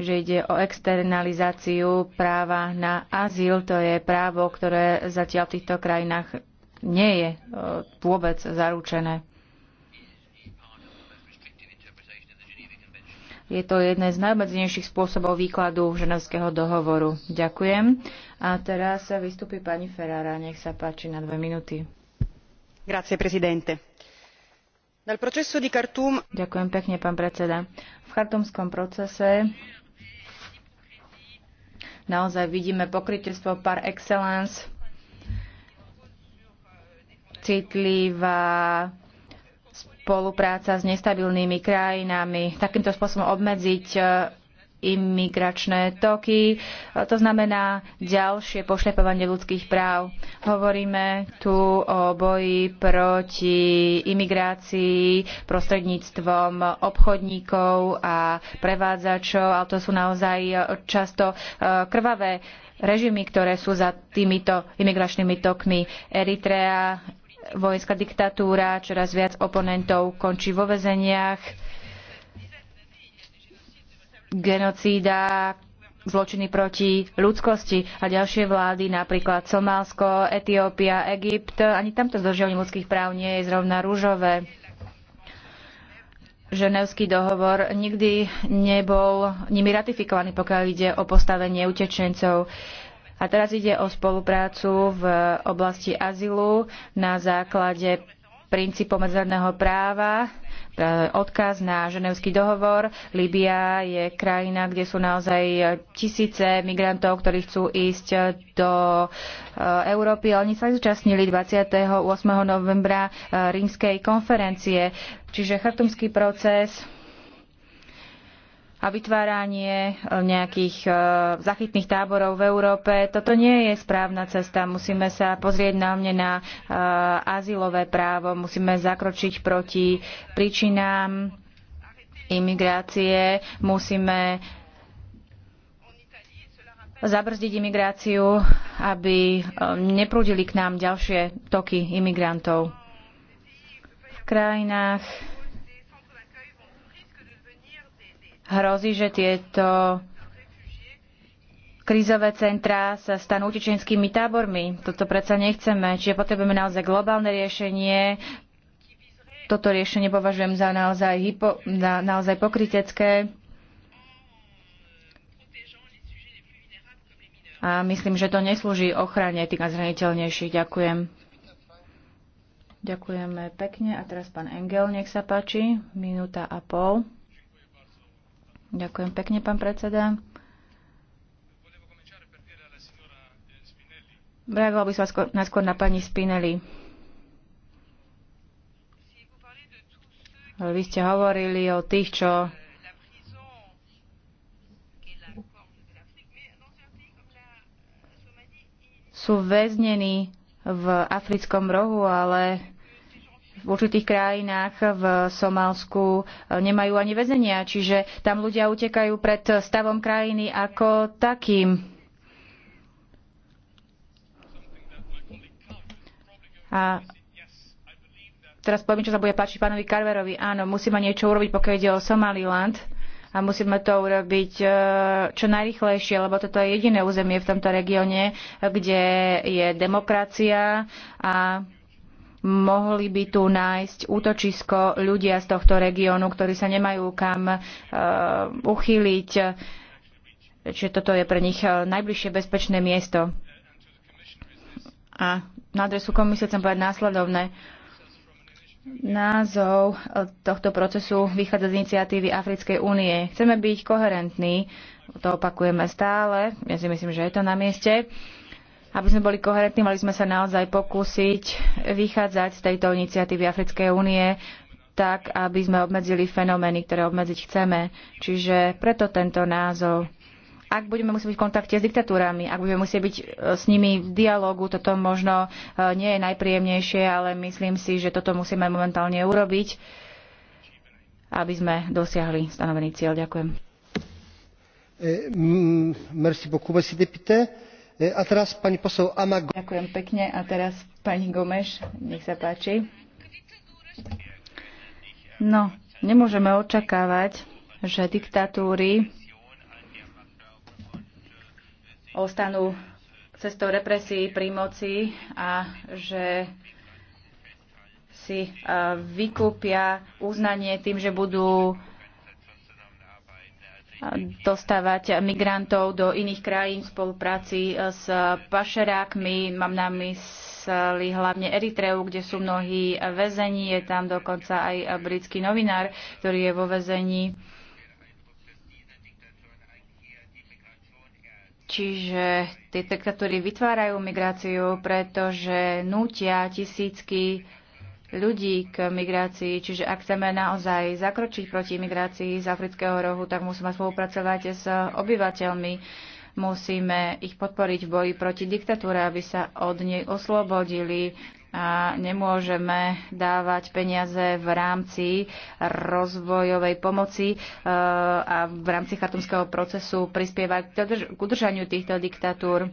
že ide o externalizáciu práva na azyl, to je právo, ktoré zatiaľ v týchto krajinách nie je e, vôbec zaručené. Je to jedné z najobmedzenejších spôsobov výkladu ženevského dohovoru. Ďakujem. A teraz sa vystúpi pani Ferrara. Nech sa páči na dve minúty. Grazie, presidente. processo di Khartoum... Ďakujem pekne, pán predseda. V chartumskom procese naozaj vidíme pokrytectvo par excellence citlivá spolupráca s nestabilnými krajinami, takýmto spôsobom obmedziť e, imigračné toky. E, to znamená ďalšie pošľapovanie ľudských práv. Hovoríme tu o boji proti imigrácii prostredníctvom obchodníkov a prevádzačov, ale to sú naozaj často e, krvavé režimy, ktoré sú za týmito imigračnými tokmi. Eritrea vojenská diktatúra, čoraz viac oponentov končí vo vezeniach, genocída, zločiny proti ľudskosti a ďalšie vlády, napríklad Somálsko, Etiópia, Egypt. Ani tamto zdržiavanie ľudských práv nie je zrovna rúžové. Ženevský dohovor nikdy nebol nimi ratifikovaný, pokiaľ ide o postavenie utečencov. A teraz ide o spoluprácu v oblasti azylu na základe princípov medzerného práva, odkaz na ženevský dohovor. Líbia je krajina, kde sú naozaj tisíce migrantov, ktorí chcú ísť do eh, Európy. Oni sa zúčastnili 28. novembra eh, rímskej konferencie, čiže chartumský proces a vytváranie e, nejakých e, zachytných táborov v Európe. Toto nie je správna cesta. Musíme sa pozrieť na mne na e, azylové právo, musíme zakročiť proti príčinám imigrácie, musíme zabrzdiť imigráciu, aby neprúdili k nám ďalšie toky imigrantov. V krajinách hrozí, že tieto krízové centrá sa stanú utečenskými tábormi. Toto predsa nechceme, čiže potrebujeme naozaj globálne riešenie. Toto riešenie považujem za naozaj, hypo, na, naozaj pokrytecké. A myslím, že to neslúži ochrane tých najzraniteľnejších. Ďakujem. Ďakujeme pekne. A teraz pán Engel, nech sa páči. Minúta a pol. Ďakujem pekne, pán predseda. Reagoval by som najskôr na pani Spinelli. Vy ste hovorili o tých, čo sú väznení v africkom rohu, ale v určitých krajinách v Somálsku e, nemajú ani väzenia, čiže tam ľudia utekajú pred stavom krajiny ako takým. A teraz poviem, čo sa bude páčiť pánovi Carverovi. Áno, musíme niečo urobiť, pokiaľ ide o Somaliland a musíme to urobiť e, čo najrychlejšie, lebo toto je jediné územie v tomto regióne, kde je demokracia a mohli by tu nájsť útočisko ľudia z tohto regiónu, ktorí sa nemajú kam uh, uchyliť. Čiže toto je pre nich e, najbližšie bezpečné miesto. A na adresu komisie chcem povedať následovné. Názov e, tohto procesu vychádza z iniciatívy Africkej únie. Chceme byť koherentní, to opakujeme stále, ja si myslím, že je to na mieste. Uh, aby sme boli koherentní, mali sme sa naozaj pokúsiť vychádzať z tejto iniciatívy Africkej únie tak, aby sme obmedzili fenomény, ktoré obmedziť chceme. Čiže preto tento názov ak budeme musieť byť v kontakte s diktatúrami, ak budeme musieť byť e, s nimi v dialogu, toto možno e, nie je najpríjemnejšie, ale myslím si, že toto musíme momentálne urobiť, aby sme dosiahli stanovený cieľ. Ďakujem. Eh, merci beaucoup, E, a teraz pani posol Ana Ďakujem pekne. A teraz pani Gomeš, nech sa páči. No, nemôžeme očakávať, že diktatúry ostanú cestou represí pri moci a že si vykúpia uznanie tým, že budú dostávať migrantov do iných krajín v spolupráci eh, s pašerákmi. Mám na mysli hlavne Eritreu, kde sú mnohí väzení. Je tam dokonca aj britský novinár, ktorý je vo väzení. Čiže tie diktatúry vytvárajú migráciu, pretože nútia tisícky ľudí k migrácii, čiže ak chceme naozaj zakročiť proti migrácii z afrického rohu, tak musíme spolupracovať s obyvateľmi, musíme ich podporiť v boji proti diktatúre, aby sa od nej oslobodili a nemôžeme dávať peniaze v rámci rozvojovej pomoci e, a v rámci chartumského procesu prispievať k udržaniu týchto diktatúr.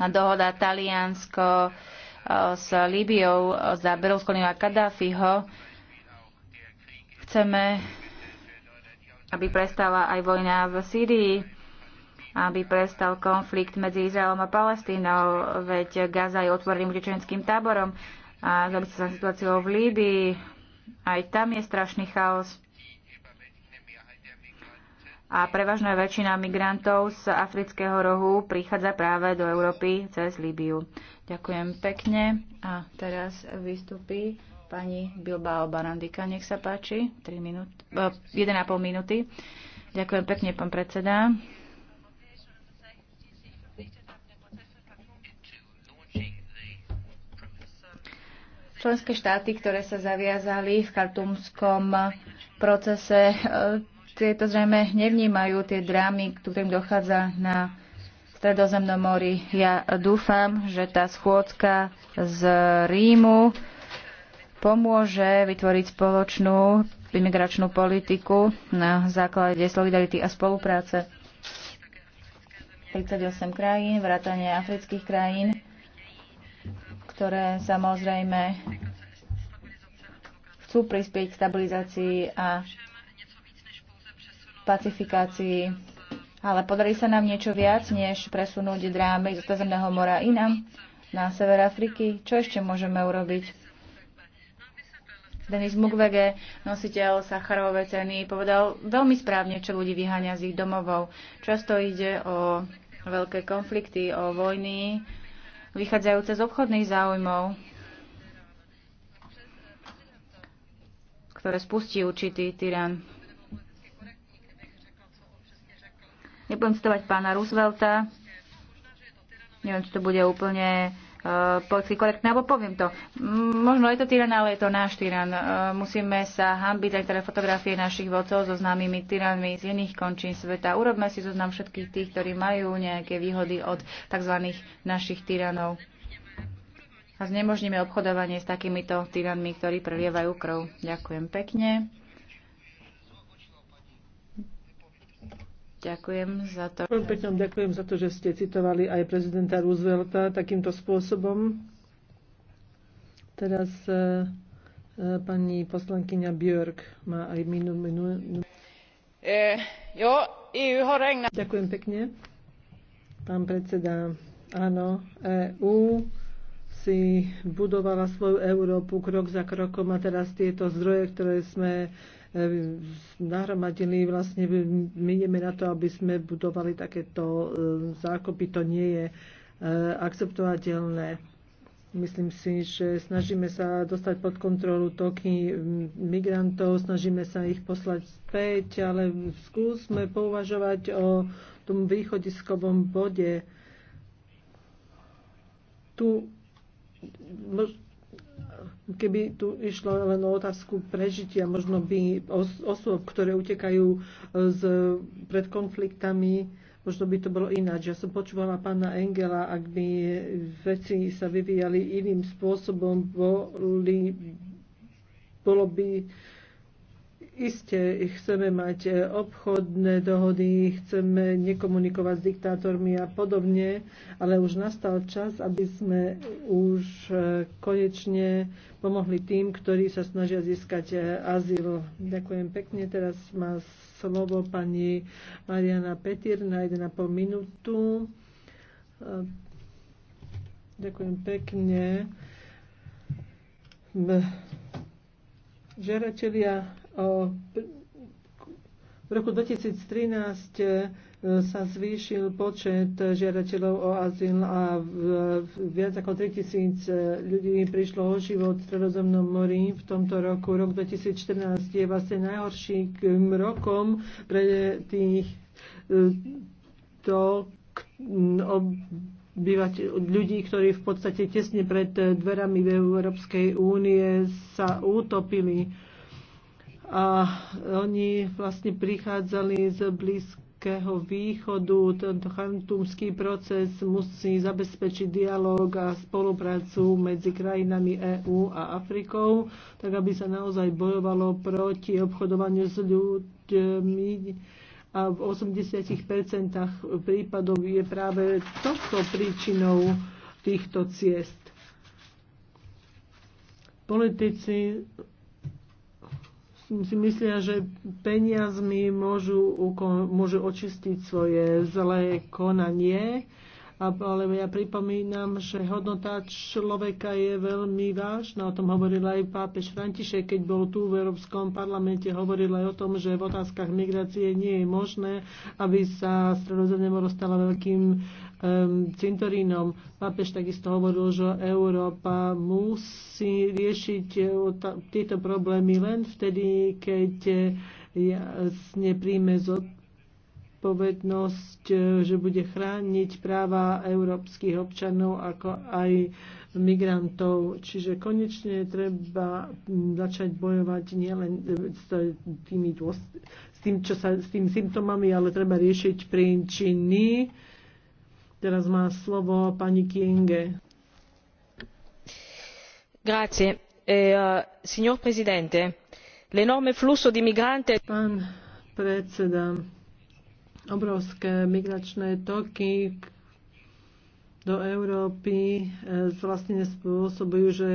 A dohoda Taliansko, s Líbiou, za Berlusconiho a Kadáfiho. Chceme, aby prestala aj vojna v Sýrii, aby prestal konflikt medzi Izraelom a Palestínou, veď Gaza je otvoreným utečenským táborom a zaobiť sa situáciou v Líbii. Aj tam je strašný chaos a prevažná väčšina migrantov z afrického rohu prichádza práve do Európy cez Líbiu. Ďakujem pekne a teraz vystupí pani Bilbao Barandika, nech sa páči, 3 minút, 1,5 e, minúty. Ďakujem pekne, pán predseda. Členské štáty, ktoré sa zaviazali v kartumskom procese, e, tieto zrejme nevnímajú tie drámy, ktorým dochádza na Stredozemnom mori. Ja dúfam, že tá schôdzka z Rímu pomôže vytvoriť spoločnú imigračnú politiku na základe solidarity a spolupráce. 38 krajín, vrátane afrických krajín, ktoré samozrejme chcú prispieť k stabilizácii a pacifikácii. Ale podarí sa nám niečo viac, než presunúť drámy z Stazemného mora inám na sever Afriky. Čo ešte môžeme urobiť? Denis Mukwege, nositeľ Sacharovej ceny, povedal veľmi správne, čo ľudí vyháňa z ich domovov. Často ide o veľké konflikty, o vojny, vychádzajúce z obchodných záujmov, ktoré spustí určitý tyran. Nebudem citovať pána Roosevelta. Neviem, či to bude úplne uh, politicky korektné, alebo poviem to. Možno je to tyran, ale je to náš tyran. Uh, musíme sa hambiť aj teda fotografie našich vodcov so známymi tyranmi z iných končín sveta. Urobme si zoznam všetkých tých, ktorí majú nejaké výhody od tzv. našich tyranov. A znemožníme obchodovanie s takýmito tyranmi, ktorí prelievajú krv. Ďakujem pekne. Ďakujem za to. Veľmi pekne ďakujem za to, že ste citovali aj prezidenta Roosevelta takýmto spôsobom. Teraz e, e pani poslankyňa Björk má aj minú, minú, minú. E, jo, EU ho ägnat... Ďakujem pekne. Pán predseda, áno, EU si budovala svoju Európu krok za krokom a teraz tieto zdroje, ktoré sme nahromadili, vlastne my ideme na to, aby sme budovali takéto e, zákopy. To nie je e, akceptovateľné. Myslím si, že snažíme sa dostať pod kontrolu toky migrantov, snažíme sa ich poslať späť, ale skúsme pouvažovať o tom východiskovom bode. Tu keby tu išlo len o otázku prežitia, možno by os- osôb, ktoré utekajú e, z, pred konfliktami, možno by to bolo ináč. Ja som počúvala pána Engela, ak by veci sa vyvíjali iným spôsobom, boli, bolo by Isté chceme mať e, obchodné dohody, chceme nekomunikovať s diktátormi a podobne, ale už nastal čas, aby sme už e, konečne pomohli tým, ktorí sa snažia získať e, azyl. Ďakujem pekne. Teraz má slovo pani Mariana Petir na 1,5 minútu. Ďakujem pekne. Žiadatelia v roku 2013 e, sa zvýšil počet žiadateľov o azyl a viac ako 3000 e, ľudí prišlo o život v Stredozemnom mori v tomto roku. Rok 2014 je vlastne najhorším rokom pre tých e, to ľudí, ktorí v podstate tesne pred dverami v Európskej únie sa utopili a oni vlastne prichádzali z blízkeho východu. Tento chantumský proces musí zabezpečiť dialog a spoluprácu medzi krajinami EÚ a Afrikou, tak aby sa naozaj bojovalo proti obchodovaniu s ľuďmi a v 80% prípadov je práve toto príčinou týchto ciest. Politici si myslia, že peniazmi môžu, môžu očistiť svoje zlé konanie ale ja pripomínam, že hodnota človeka je veľmi vážna. O tom hovoril aj pápež František, keď bol tu v Európskom parlamente, hovoril aj o tom, že v otázkach migrácie nie je možné, aby sa stredozemne moro stala veľkým um, cintorínom. Pápež takisto hovoril, že Európa musí riešiť e, tieto problémy len vtedy, keď e, nepríjme zodpovednosť zodpovednosť, eh, že bude chrániť práva európskych občanov ako aj migrantov. Čiže konečne treba hm, začať bojovať nielen eh, s, tými, s, tým, čo sa, s tým symptomami, ale treba riešiť príčiny. Teraz má slovo pani Kienge. Grazie. E, uh, signor Presidente, l'enorme flusso di migranti... Pán predseda, obrovské migračné toky do Európy e, vlastne spôsobujú, že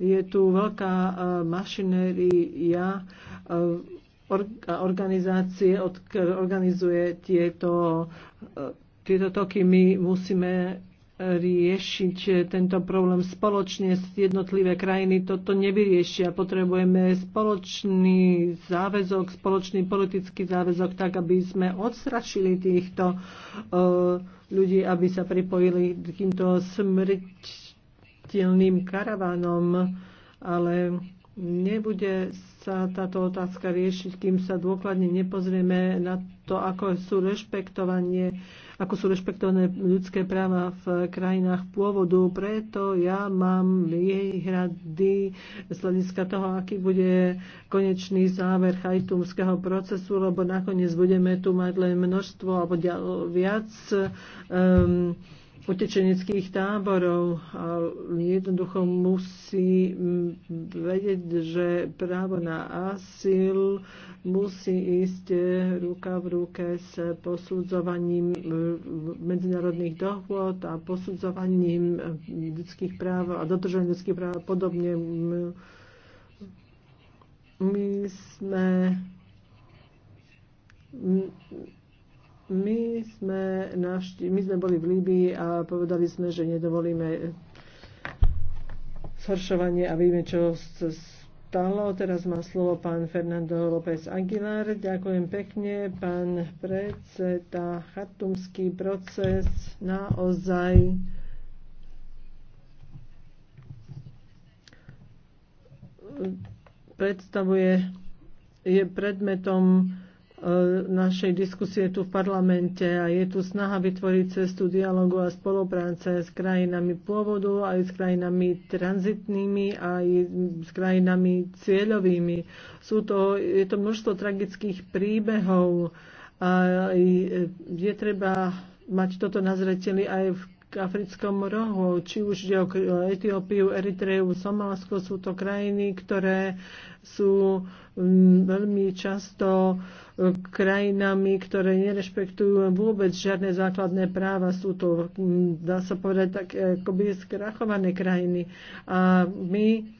je tu veľká e, mašinéria e, a organizácie organizuje tieto, tieto toky. My musíme riešiť tento problém spoločne s jednotlivé krajiny. Toto nevyriešia. Potrebujeme spoločný záväzok, spoločný politický záväzok, tak aby sme odstrašili týchto e, ľudí, aby sa pripojili k týmto smrteľným karavánom, Ale nebude sa táto otázka riešiť, kým sa dôkladne nepozrieme na to, ako sú, rešpektovanie, ako sú rešpektované ľudské práva v krajinách pôvodu. Preto ja mám jej hrady z hľadiska toho, aký bude konečný záver chajtumského procesu, lebo nakoniec budeme tu mať len množstvo alebo viac um, utečeneckých táborov. A jednoducho musí vedieť, že právo na asyl musí ísť ruka v ruke s posudzovaním medzinárodných dohôd a posudzovaním ľudských práv a dodržaním ľudských práv a podobne. My sme my sme, našti- my sme boli v Líbii a povedali sme, že nedovolíme zhoršovanie a vieme, čo stalo. Teraz má slovo pán Fernando López Aguilar. Ďakujem pekne, pán predseda. Chatumský proces naozaj predstavuje, je predmetom E, našej diskusie tu v parlamente a je tu snaha vytvoriť cestu dialogu a spolupráce s krajinami pôvodu, aj s krajinami tranzitnými, aj s krajinami cieľovými. Sú to, je to množstvo tragických príbehov a e, je treba mať toto na zreteli aj v k africkom rohu, či už ide o Etiópiu, Eritreju, Somálsko, sú to krajiny, ktoré sú veľmi často krajinami, ktoré nerešpektujú vôbec žiadne základné práva. Sú to, dá sa povedať, tak e, akoby skrachované krajiny. A my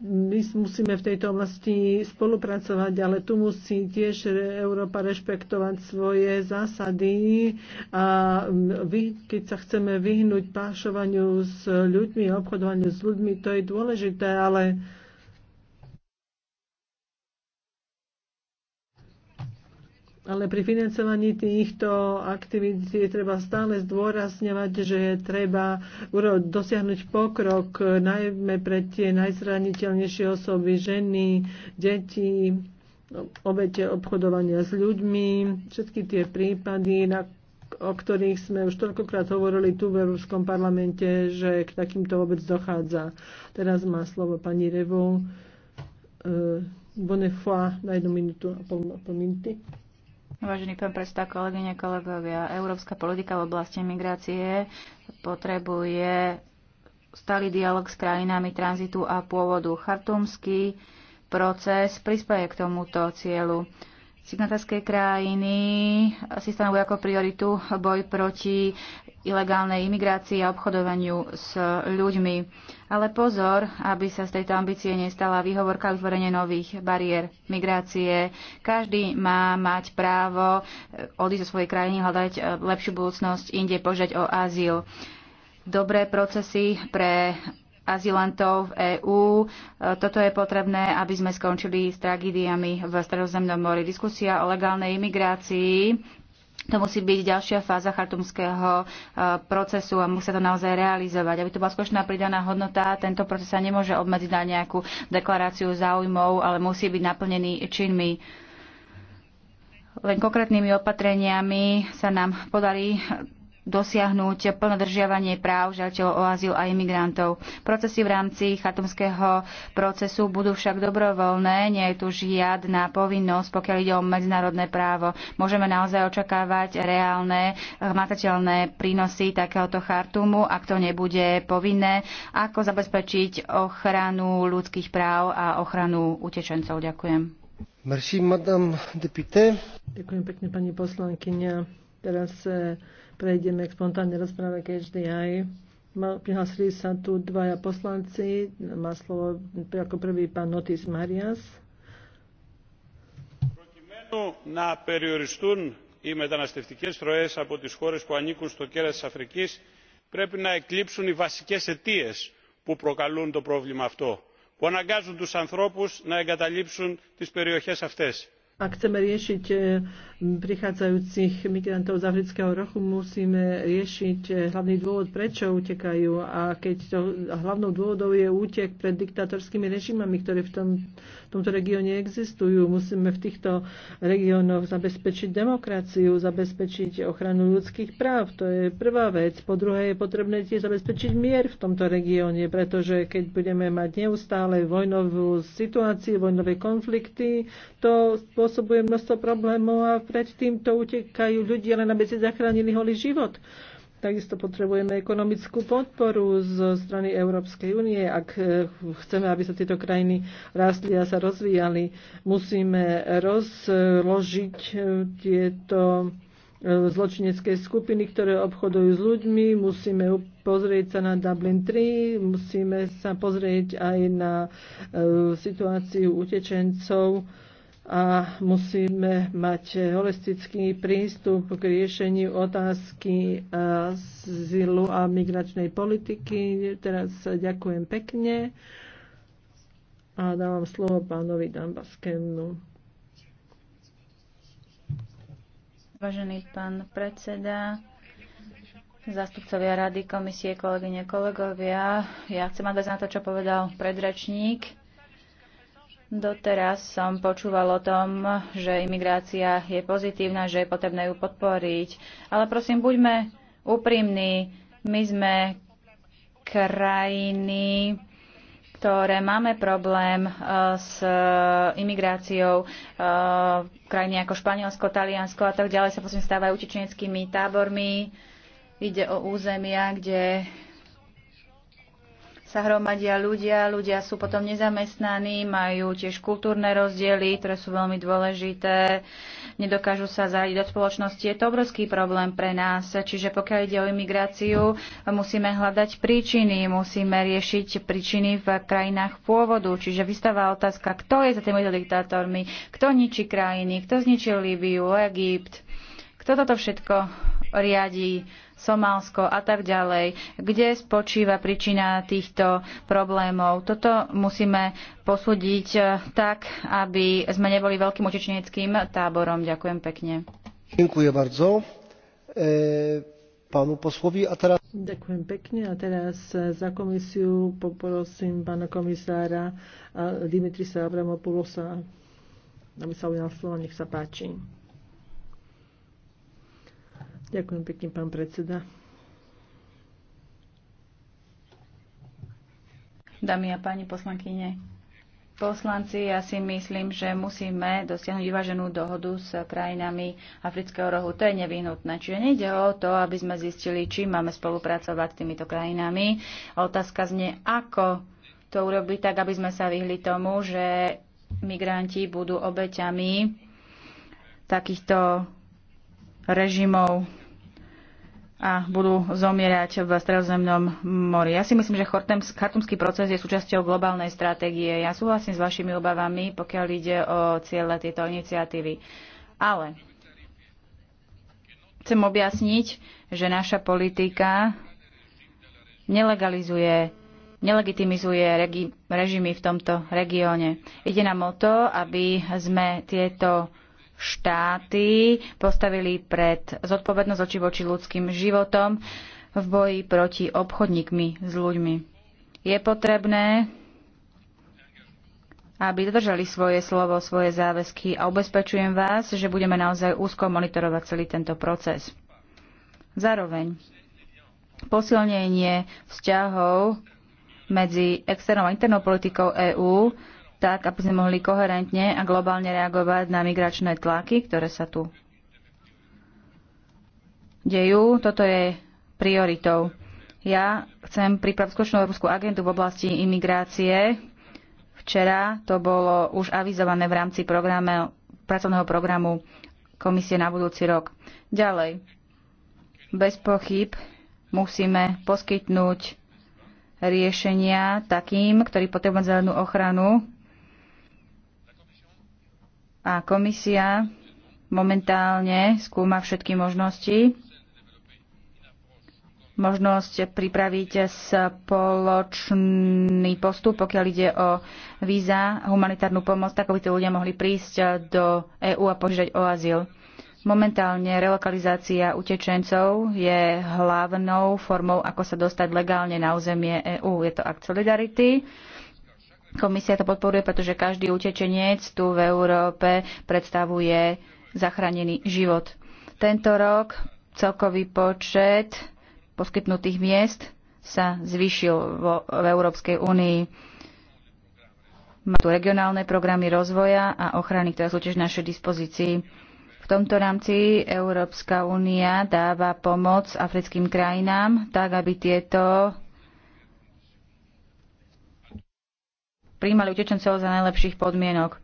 my musíme v tejto oblasti spolupracovať, ale tu musí tiež Európa rešpektovať svoje zásady a vy, keď sa chceme vyhnúť pášovaniu s ľuďmi, obchodovaniu s ľuďmi, to je dôležité, ale Ale pri financovaní týchto aktivít je treba stále zdôrazňovať, že je treba dosiahnuť pokrok najmä pre tie najzraniteľnejšie osoby, ženy, deti, obete obchodovania s ľuďmi, všetky tie prípady, na o ktorých sme už toľkokrát hovorili tu v Európskom parlamente, že k takýmto vôbec dochádza. Teraz má slovo pani Revo. E, Bonne foi na jednu minútu a pol, a pol minúty. Vážený pán predseda, kolegyne, kolegovia, európska politika v oblasti migrácie potrebuje stály dialog s krajinami tranzitu a pôvodu. Chartumský proces prispieje k tomuto cieľu signatárske krajiny si stanovujú ako prioritu boj proti ilegálnej imigrácii a obchodovaniu s ľuďmi. Ale pozor, aby sa z tejto ambície nestala výhovorka vytvorenie nových bariér migrácie. Každý má mať právo eh, odísť zo svojej krajiny, hľadať eh, lepšiu budúcnosť, inde požať o azyl dobré procesy pre azylantov v EÚ. E, toto je potrebné, aby sme skončili s tragédiami v Stredozemnom mori. Diskusia o legálnej imigrácii to musí byť ďalšia fáza chartumského e, procesu a musia to naozaj realizovať. Aby to bola skutočná pridaná hodnota, tento proces sa nemôže obmedziť na nejakú deklaráciu záujmov, ale musí byť naplnený činmi. Len konkrétnymi opatreniami sa nám podarí dosiahnuť plnodržiavanie práv žiaľteľov o azyl a imigrantov. Procesy v rámci chatomského procesu budú však dobrovoľné, nie je tu žiadna povinnosť, pokiaľ ide o medzinárodné právo. Môžeme naozaj očakávať reálne, hmatateľné prínosy takéhoto chartumu, ak to nebude povinné, ako zabezpečiť ochranu ľudských práv a ochranu utečencov. Ďakujem. Merci, madame Ďakujem pekne, pani poslankyňa. Teraz eh, prejdeme k spontánnej rozprave KHDI. Prihlasili sa tu dvaja poslanci. Má slovo ako prvý pán Notis Marias. να περιοριστούν οι μεταναστευτικές ροές από τις χώρες που ανήκουν στο κέρας της Αφρικής πρέπει να εκλείψουν οι βασικές αιτίε που προκαλούν το πρόβλημα αυτό, που αναγκάζουν τους ανθρώπους να εγκαταλείψουν τις περιοχές αυτές ak chceme riešiť e, prichádzajúcich migrantov z afrického rochu, musíme riešiť e, hlavný dôvod, prečo utekajú. A keď to hlavnou dôvodou je útek pred diktátorskými režimami, ktoré v, tom, v tomto regióne existujú, musíme v týchto regiónoch zabezpečiť demokraciu, zabezpečiť ochranu ľudských práv. To je prvá vec. Po druhé je potrebné tiež zabezpečiť mier v tomto regióne, pretože keď budeme mať neustále vojnovú situáciu, vojnové konflikty, to spôsobuje množstvo problémov a predtým to utekajú ľudia, len aby si zachránili holý život. Takisto potrebujeme ekonomickú podporu zo strany Európskej únie. Ak eh, chceme, aby sa tieto krajiny rastli a sa rozvíjali, musíme rozložiť eh, tieto eh, zločinecké skupiny, ktoré obchodujú s ľuďmi. Musíme pozrieť sa na Dublin 3, musíme sa pozrieť aj na situáciu utečencov a musíme mať holistický prístup k riešeniu otázky zilu a migračnej politiky. Teraz ďakujem pekne a dávam slovo pánovi Dambaskemnu. Vážený pán predseda, zástupcovia Rady, komisie, kolegyne, kolegovia, ja chcem nadväzť na to, čo povedal predračník Doteraz som počúval o tom, že imigrácia je pozitívna, že je potrebné ju podporiť. Ale prosím, buďme úprimní. My sme krajiny, ktoré máme problém eh, s eh, imigráciou eh, krajiny ako Španielsko, Taliansko a tak ďalej sa posledne stávajú utečeneckými tábormi. Ide o územia, kde sa hromadia ľudia, ľudia sú potom nezamestnaní, majú tiež kultúrne rozdiely, ktoré sú veľmi dôležité, nedokážu sa zaradiť do spoločnosti. Je to obrovský problém pre nás, čiže pokiaľ ide o imigráciu, musíme hľadať príčiny, musíme riešiť príčiny v krajinách pôvodu, čiže vystáva otázka, kto je za týmito diktátormi, kto ničí krajiny, kto zničil Líbiu, Egypt, kto toto všetko riadi Somálsko a tak ďalej, kde spočíva príčina týchto problémov. Toto musíme posúdiť eh, tak, aby sme neboli veľkým utečeneckým táborom. Ďakujem pekne. Ďakujem bardzo. E, eh, pánu poslovi a teraz... Ďakujem pekne a teraz eh, za komisiu poprosím pána komisára Dimitrisa Avramopulosa, aby sa ujal slovo, nech sa páči. Ďakujem pekne, pán predseda. Dámy a páni poslankyne, poslanci, ja si myslím, že musíme dosiahnuť vyváženú dohodu s krajinami Afrického rohu. To je nevyhnutné. Čiže nejde o to, aby sme zistili, či máme spolupracovať s týmito krajinami. Otázka znie, ako to urobiť tak, aby sme sa vyhli tomu, že migranti budú obeťami takýchto režimov a budú zomierať v Stredozemnom mori. Ja si myslím, že chartumský proces je súčasťou globálnej stratégie. Ja súhlasím s vašimi obavami, pokiaľ ide o cieľe tejto iniciatívy. Ale chcem objasniť, že naša politika nelegalizuje nelegitimizuje režimy v tomto regióne. Ide nám o to, aby sme tieto štáty postavili pred zodpovednosť oči voči ľudským životom v boji proti obchodníkmi s ľuďmi. Je potrebné, aby dodržali svoje slovo, svoje záväzky a ubezpečujem vás, že budeme naozaj úzko monitorovať celý tento proces. Zároveň posilnenie vzťahov medzi externou a internou politikou EÚ tak aby sme mohli koherentne a globálne reagovať na migračné tlaky, ktoré sa tu dejú. Toto je prioritou. Ja chcem pripraviť skutočnú európsku agendu v oblasti imigrácie. Včera to bolo už avizované v rámci programe, pracovného programu komisie na budúci rok. Ďalej, bez pochyb musíme poskytnúť riešenia takým, ktorí potrebujú zelenú ochranu, a komisia momentálne skúma všetky možnosti. Možnosť pripraviť spoločný postup, pokiaľ ide o víza, humanitárnu pomoc, tak aby tí ľudia mohli prísť do EÚ a požiadať o azyl. Momentálne relokalizácia utečencov je hlavnou formou, ako sa dostať legálne na územie EÚ. Je to akt solidarity Komisia to podporuje, pretože každý utečenec tu v Európe predstavuje zachránený život. Tento rok celkový počet poskytnutých miest sa zvýšil vo, v Európskej únii. Má tu regionálne programy rozvoja a ochrany, ktoré sú tiež v našej dispozícii. V tomto rámci Európska únia dáva pomoc africkým krajinám, tak aby tieto príjmali utečencov za najlepších podmienok.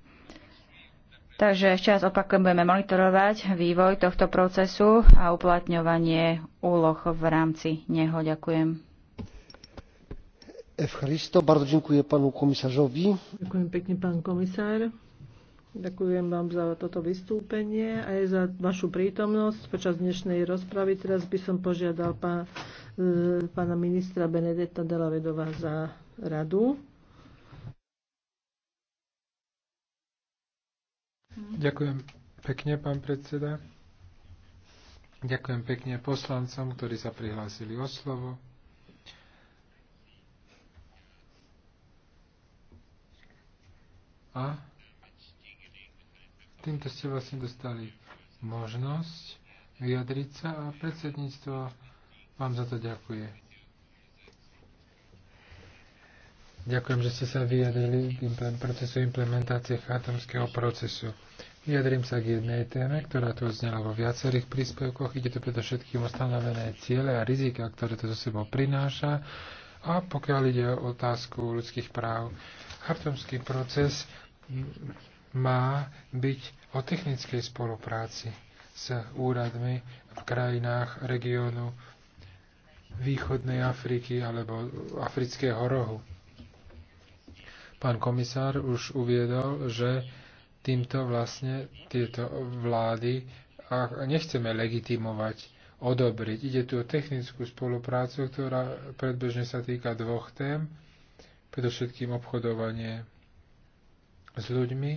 Takže ešte raz opakujem, budeme monitorovať vývoj tohto procesu a uplatňovanie úloh v rámci neho. Ďakujem. Evcharisto, bardzo dziękuję panu komisarzowi. Ďakujem pekne, pán komisár. Ďakujem vám za toto vystúpenie a aj za vašu prítomnosť počas dnešnej rozpravy. Teraz by som požiadal pán, e, pána ministra Benedetta Delavedova za radu. Ďakujem pekne, pán predseda. Ďakujem pekne poslancom, ktorí sa prihlásili o slovo. A týmto ste vlastne dostali možnosť vyjadriť sa a predsedníctvo vám za to ďakuje. Ďakujem, že ste sa vyjadrili k procesu implementácie chátomského procesu. Vyjadrím sa k jednej téme, ktorá tu odznela vo viacerých príspevkoch. Ide to predovšetkým o stanovené ciele a rizika, ktoré to so sebou prináša. A pokiaľ ide o otázku ľudských práv, chartomský proces má byť o technickej spolupráci s úradmi v krajinách regiónu východnej Afriky alebo afrického rohu. Pán komisár už uviedol, že týmto vlastne tieto vlády a nechceme legitimovať, odobriť. Ide tu o technickú spoluprácu, ktorá predbežne sa týka dvoch tém, predovšetkým obchodovanie s ľuďmi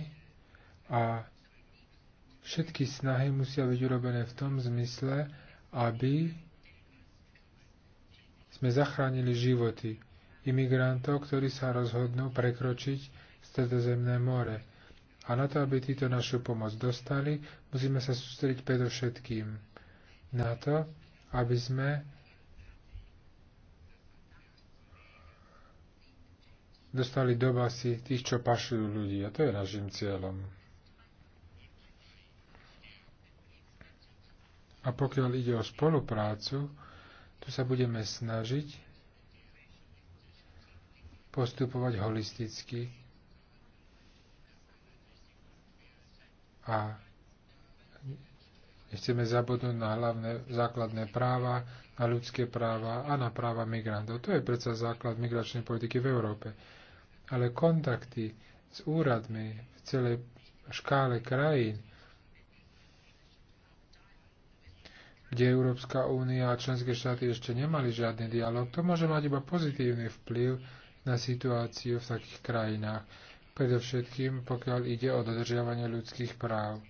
a všetky snahy musia byť urobené v tom zmysle, aby sme zachránili životy imigrantov, ktorí sa rozhodnú prekročiť Stredozemné more. A na to, aby títo našu pomoc dostali, musíme sa sústrediť predovšetkým na to, aby sme dostali do basy tých, čo pašujú ľudí. A to je našim cieľom. A pokiaľ ide o spoluprácu, tu sa budeme snažiť postupovať holisticky a nechceme zabudnúť na hlavné základné práva, na ľudské práva a na práva migrantov. To je predsa základ migračnej politiky v Európe. Ale kontakty s úradmi v celej škále krajín, kde Európska únia a členské štáty ešte nemali žiadny dialog, to môže mať iba pozitívny vplyv na situáciu v takých krajinách, predovšetkým pokiaľ ide o dodržiavanie ľudských práv.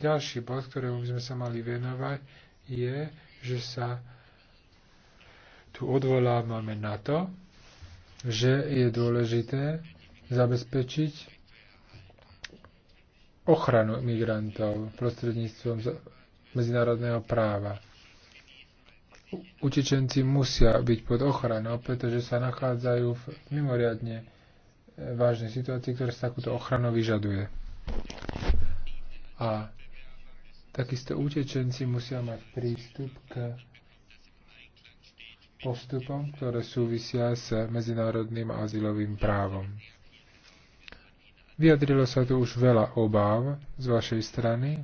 Ďalší bod, ktorému by sme sa mali venovať, je, že sa tu odvolávame na to, že je dôležité zabezpečiť ochranu migrantov prostredníctvom medzinárodného práva utečenci musia byť pod ochranou, pretože sa nachádzajú v mimoriadne e, vážnej situácii, ktorá sa takúto ochranu vyžaduje. A takisto utečenci musia mať prístup k postupom, ktoré súvisia s medzinárodným azylovým právom. Vyjadrilo sa tu už veľa obáv z vašej strany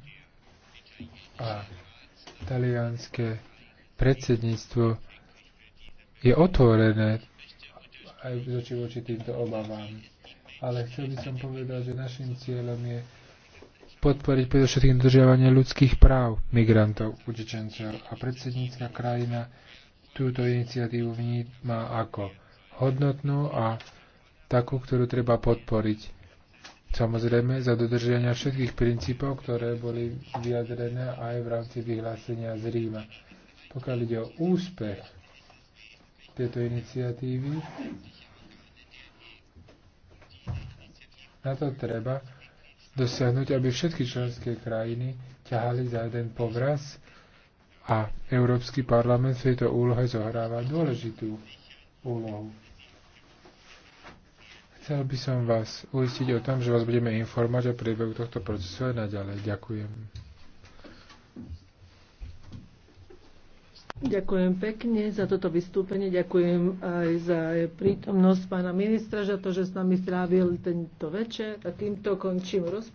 a talianské predsedníctvo je otvorené aj voči voči týmto obavám. Ale chcel by som povedať, že našim cieľom je podporiť predovšetkým dodržiavanie ľudských práv migrantov, utečencov a predsednícka krajina túto iniciatívu vníma ako hodnotnú a takú, ktorú treba podporiť. Samozrejme za dodržiavanie všetkých princípov, ktoré boli vyjadrené aj v rámci vyhlásenia z Ríma. Pokiaľ ide o úspech tejto iniciatívy, na to treba dosiahnuť, aby všetky členské krajiny ťahali za jeden povraz a Európsky parlament v tejto úlohe zohráva dôležitú úlohu. Chcel by som vás uistiť o tom, že vás budeme informovať o priebehu tohto procesu aj naďalej. Ďakujem. Ďakujem pekne za toto vystúpenie, ďakujem aj za prítomnosť pána ministra, za to, že s nami strávil tento večer a týmto končím rozprávanie.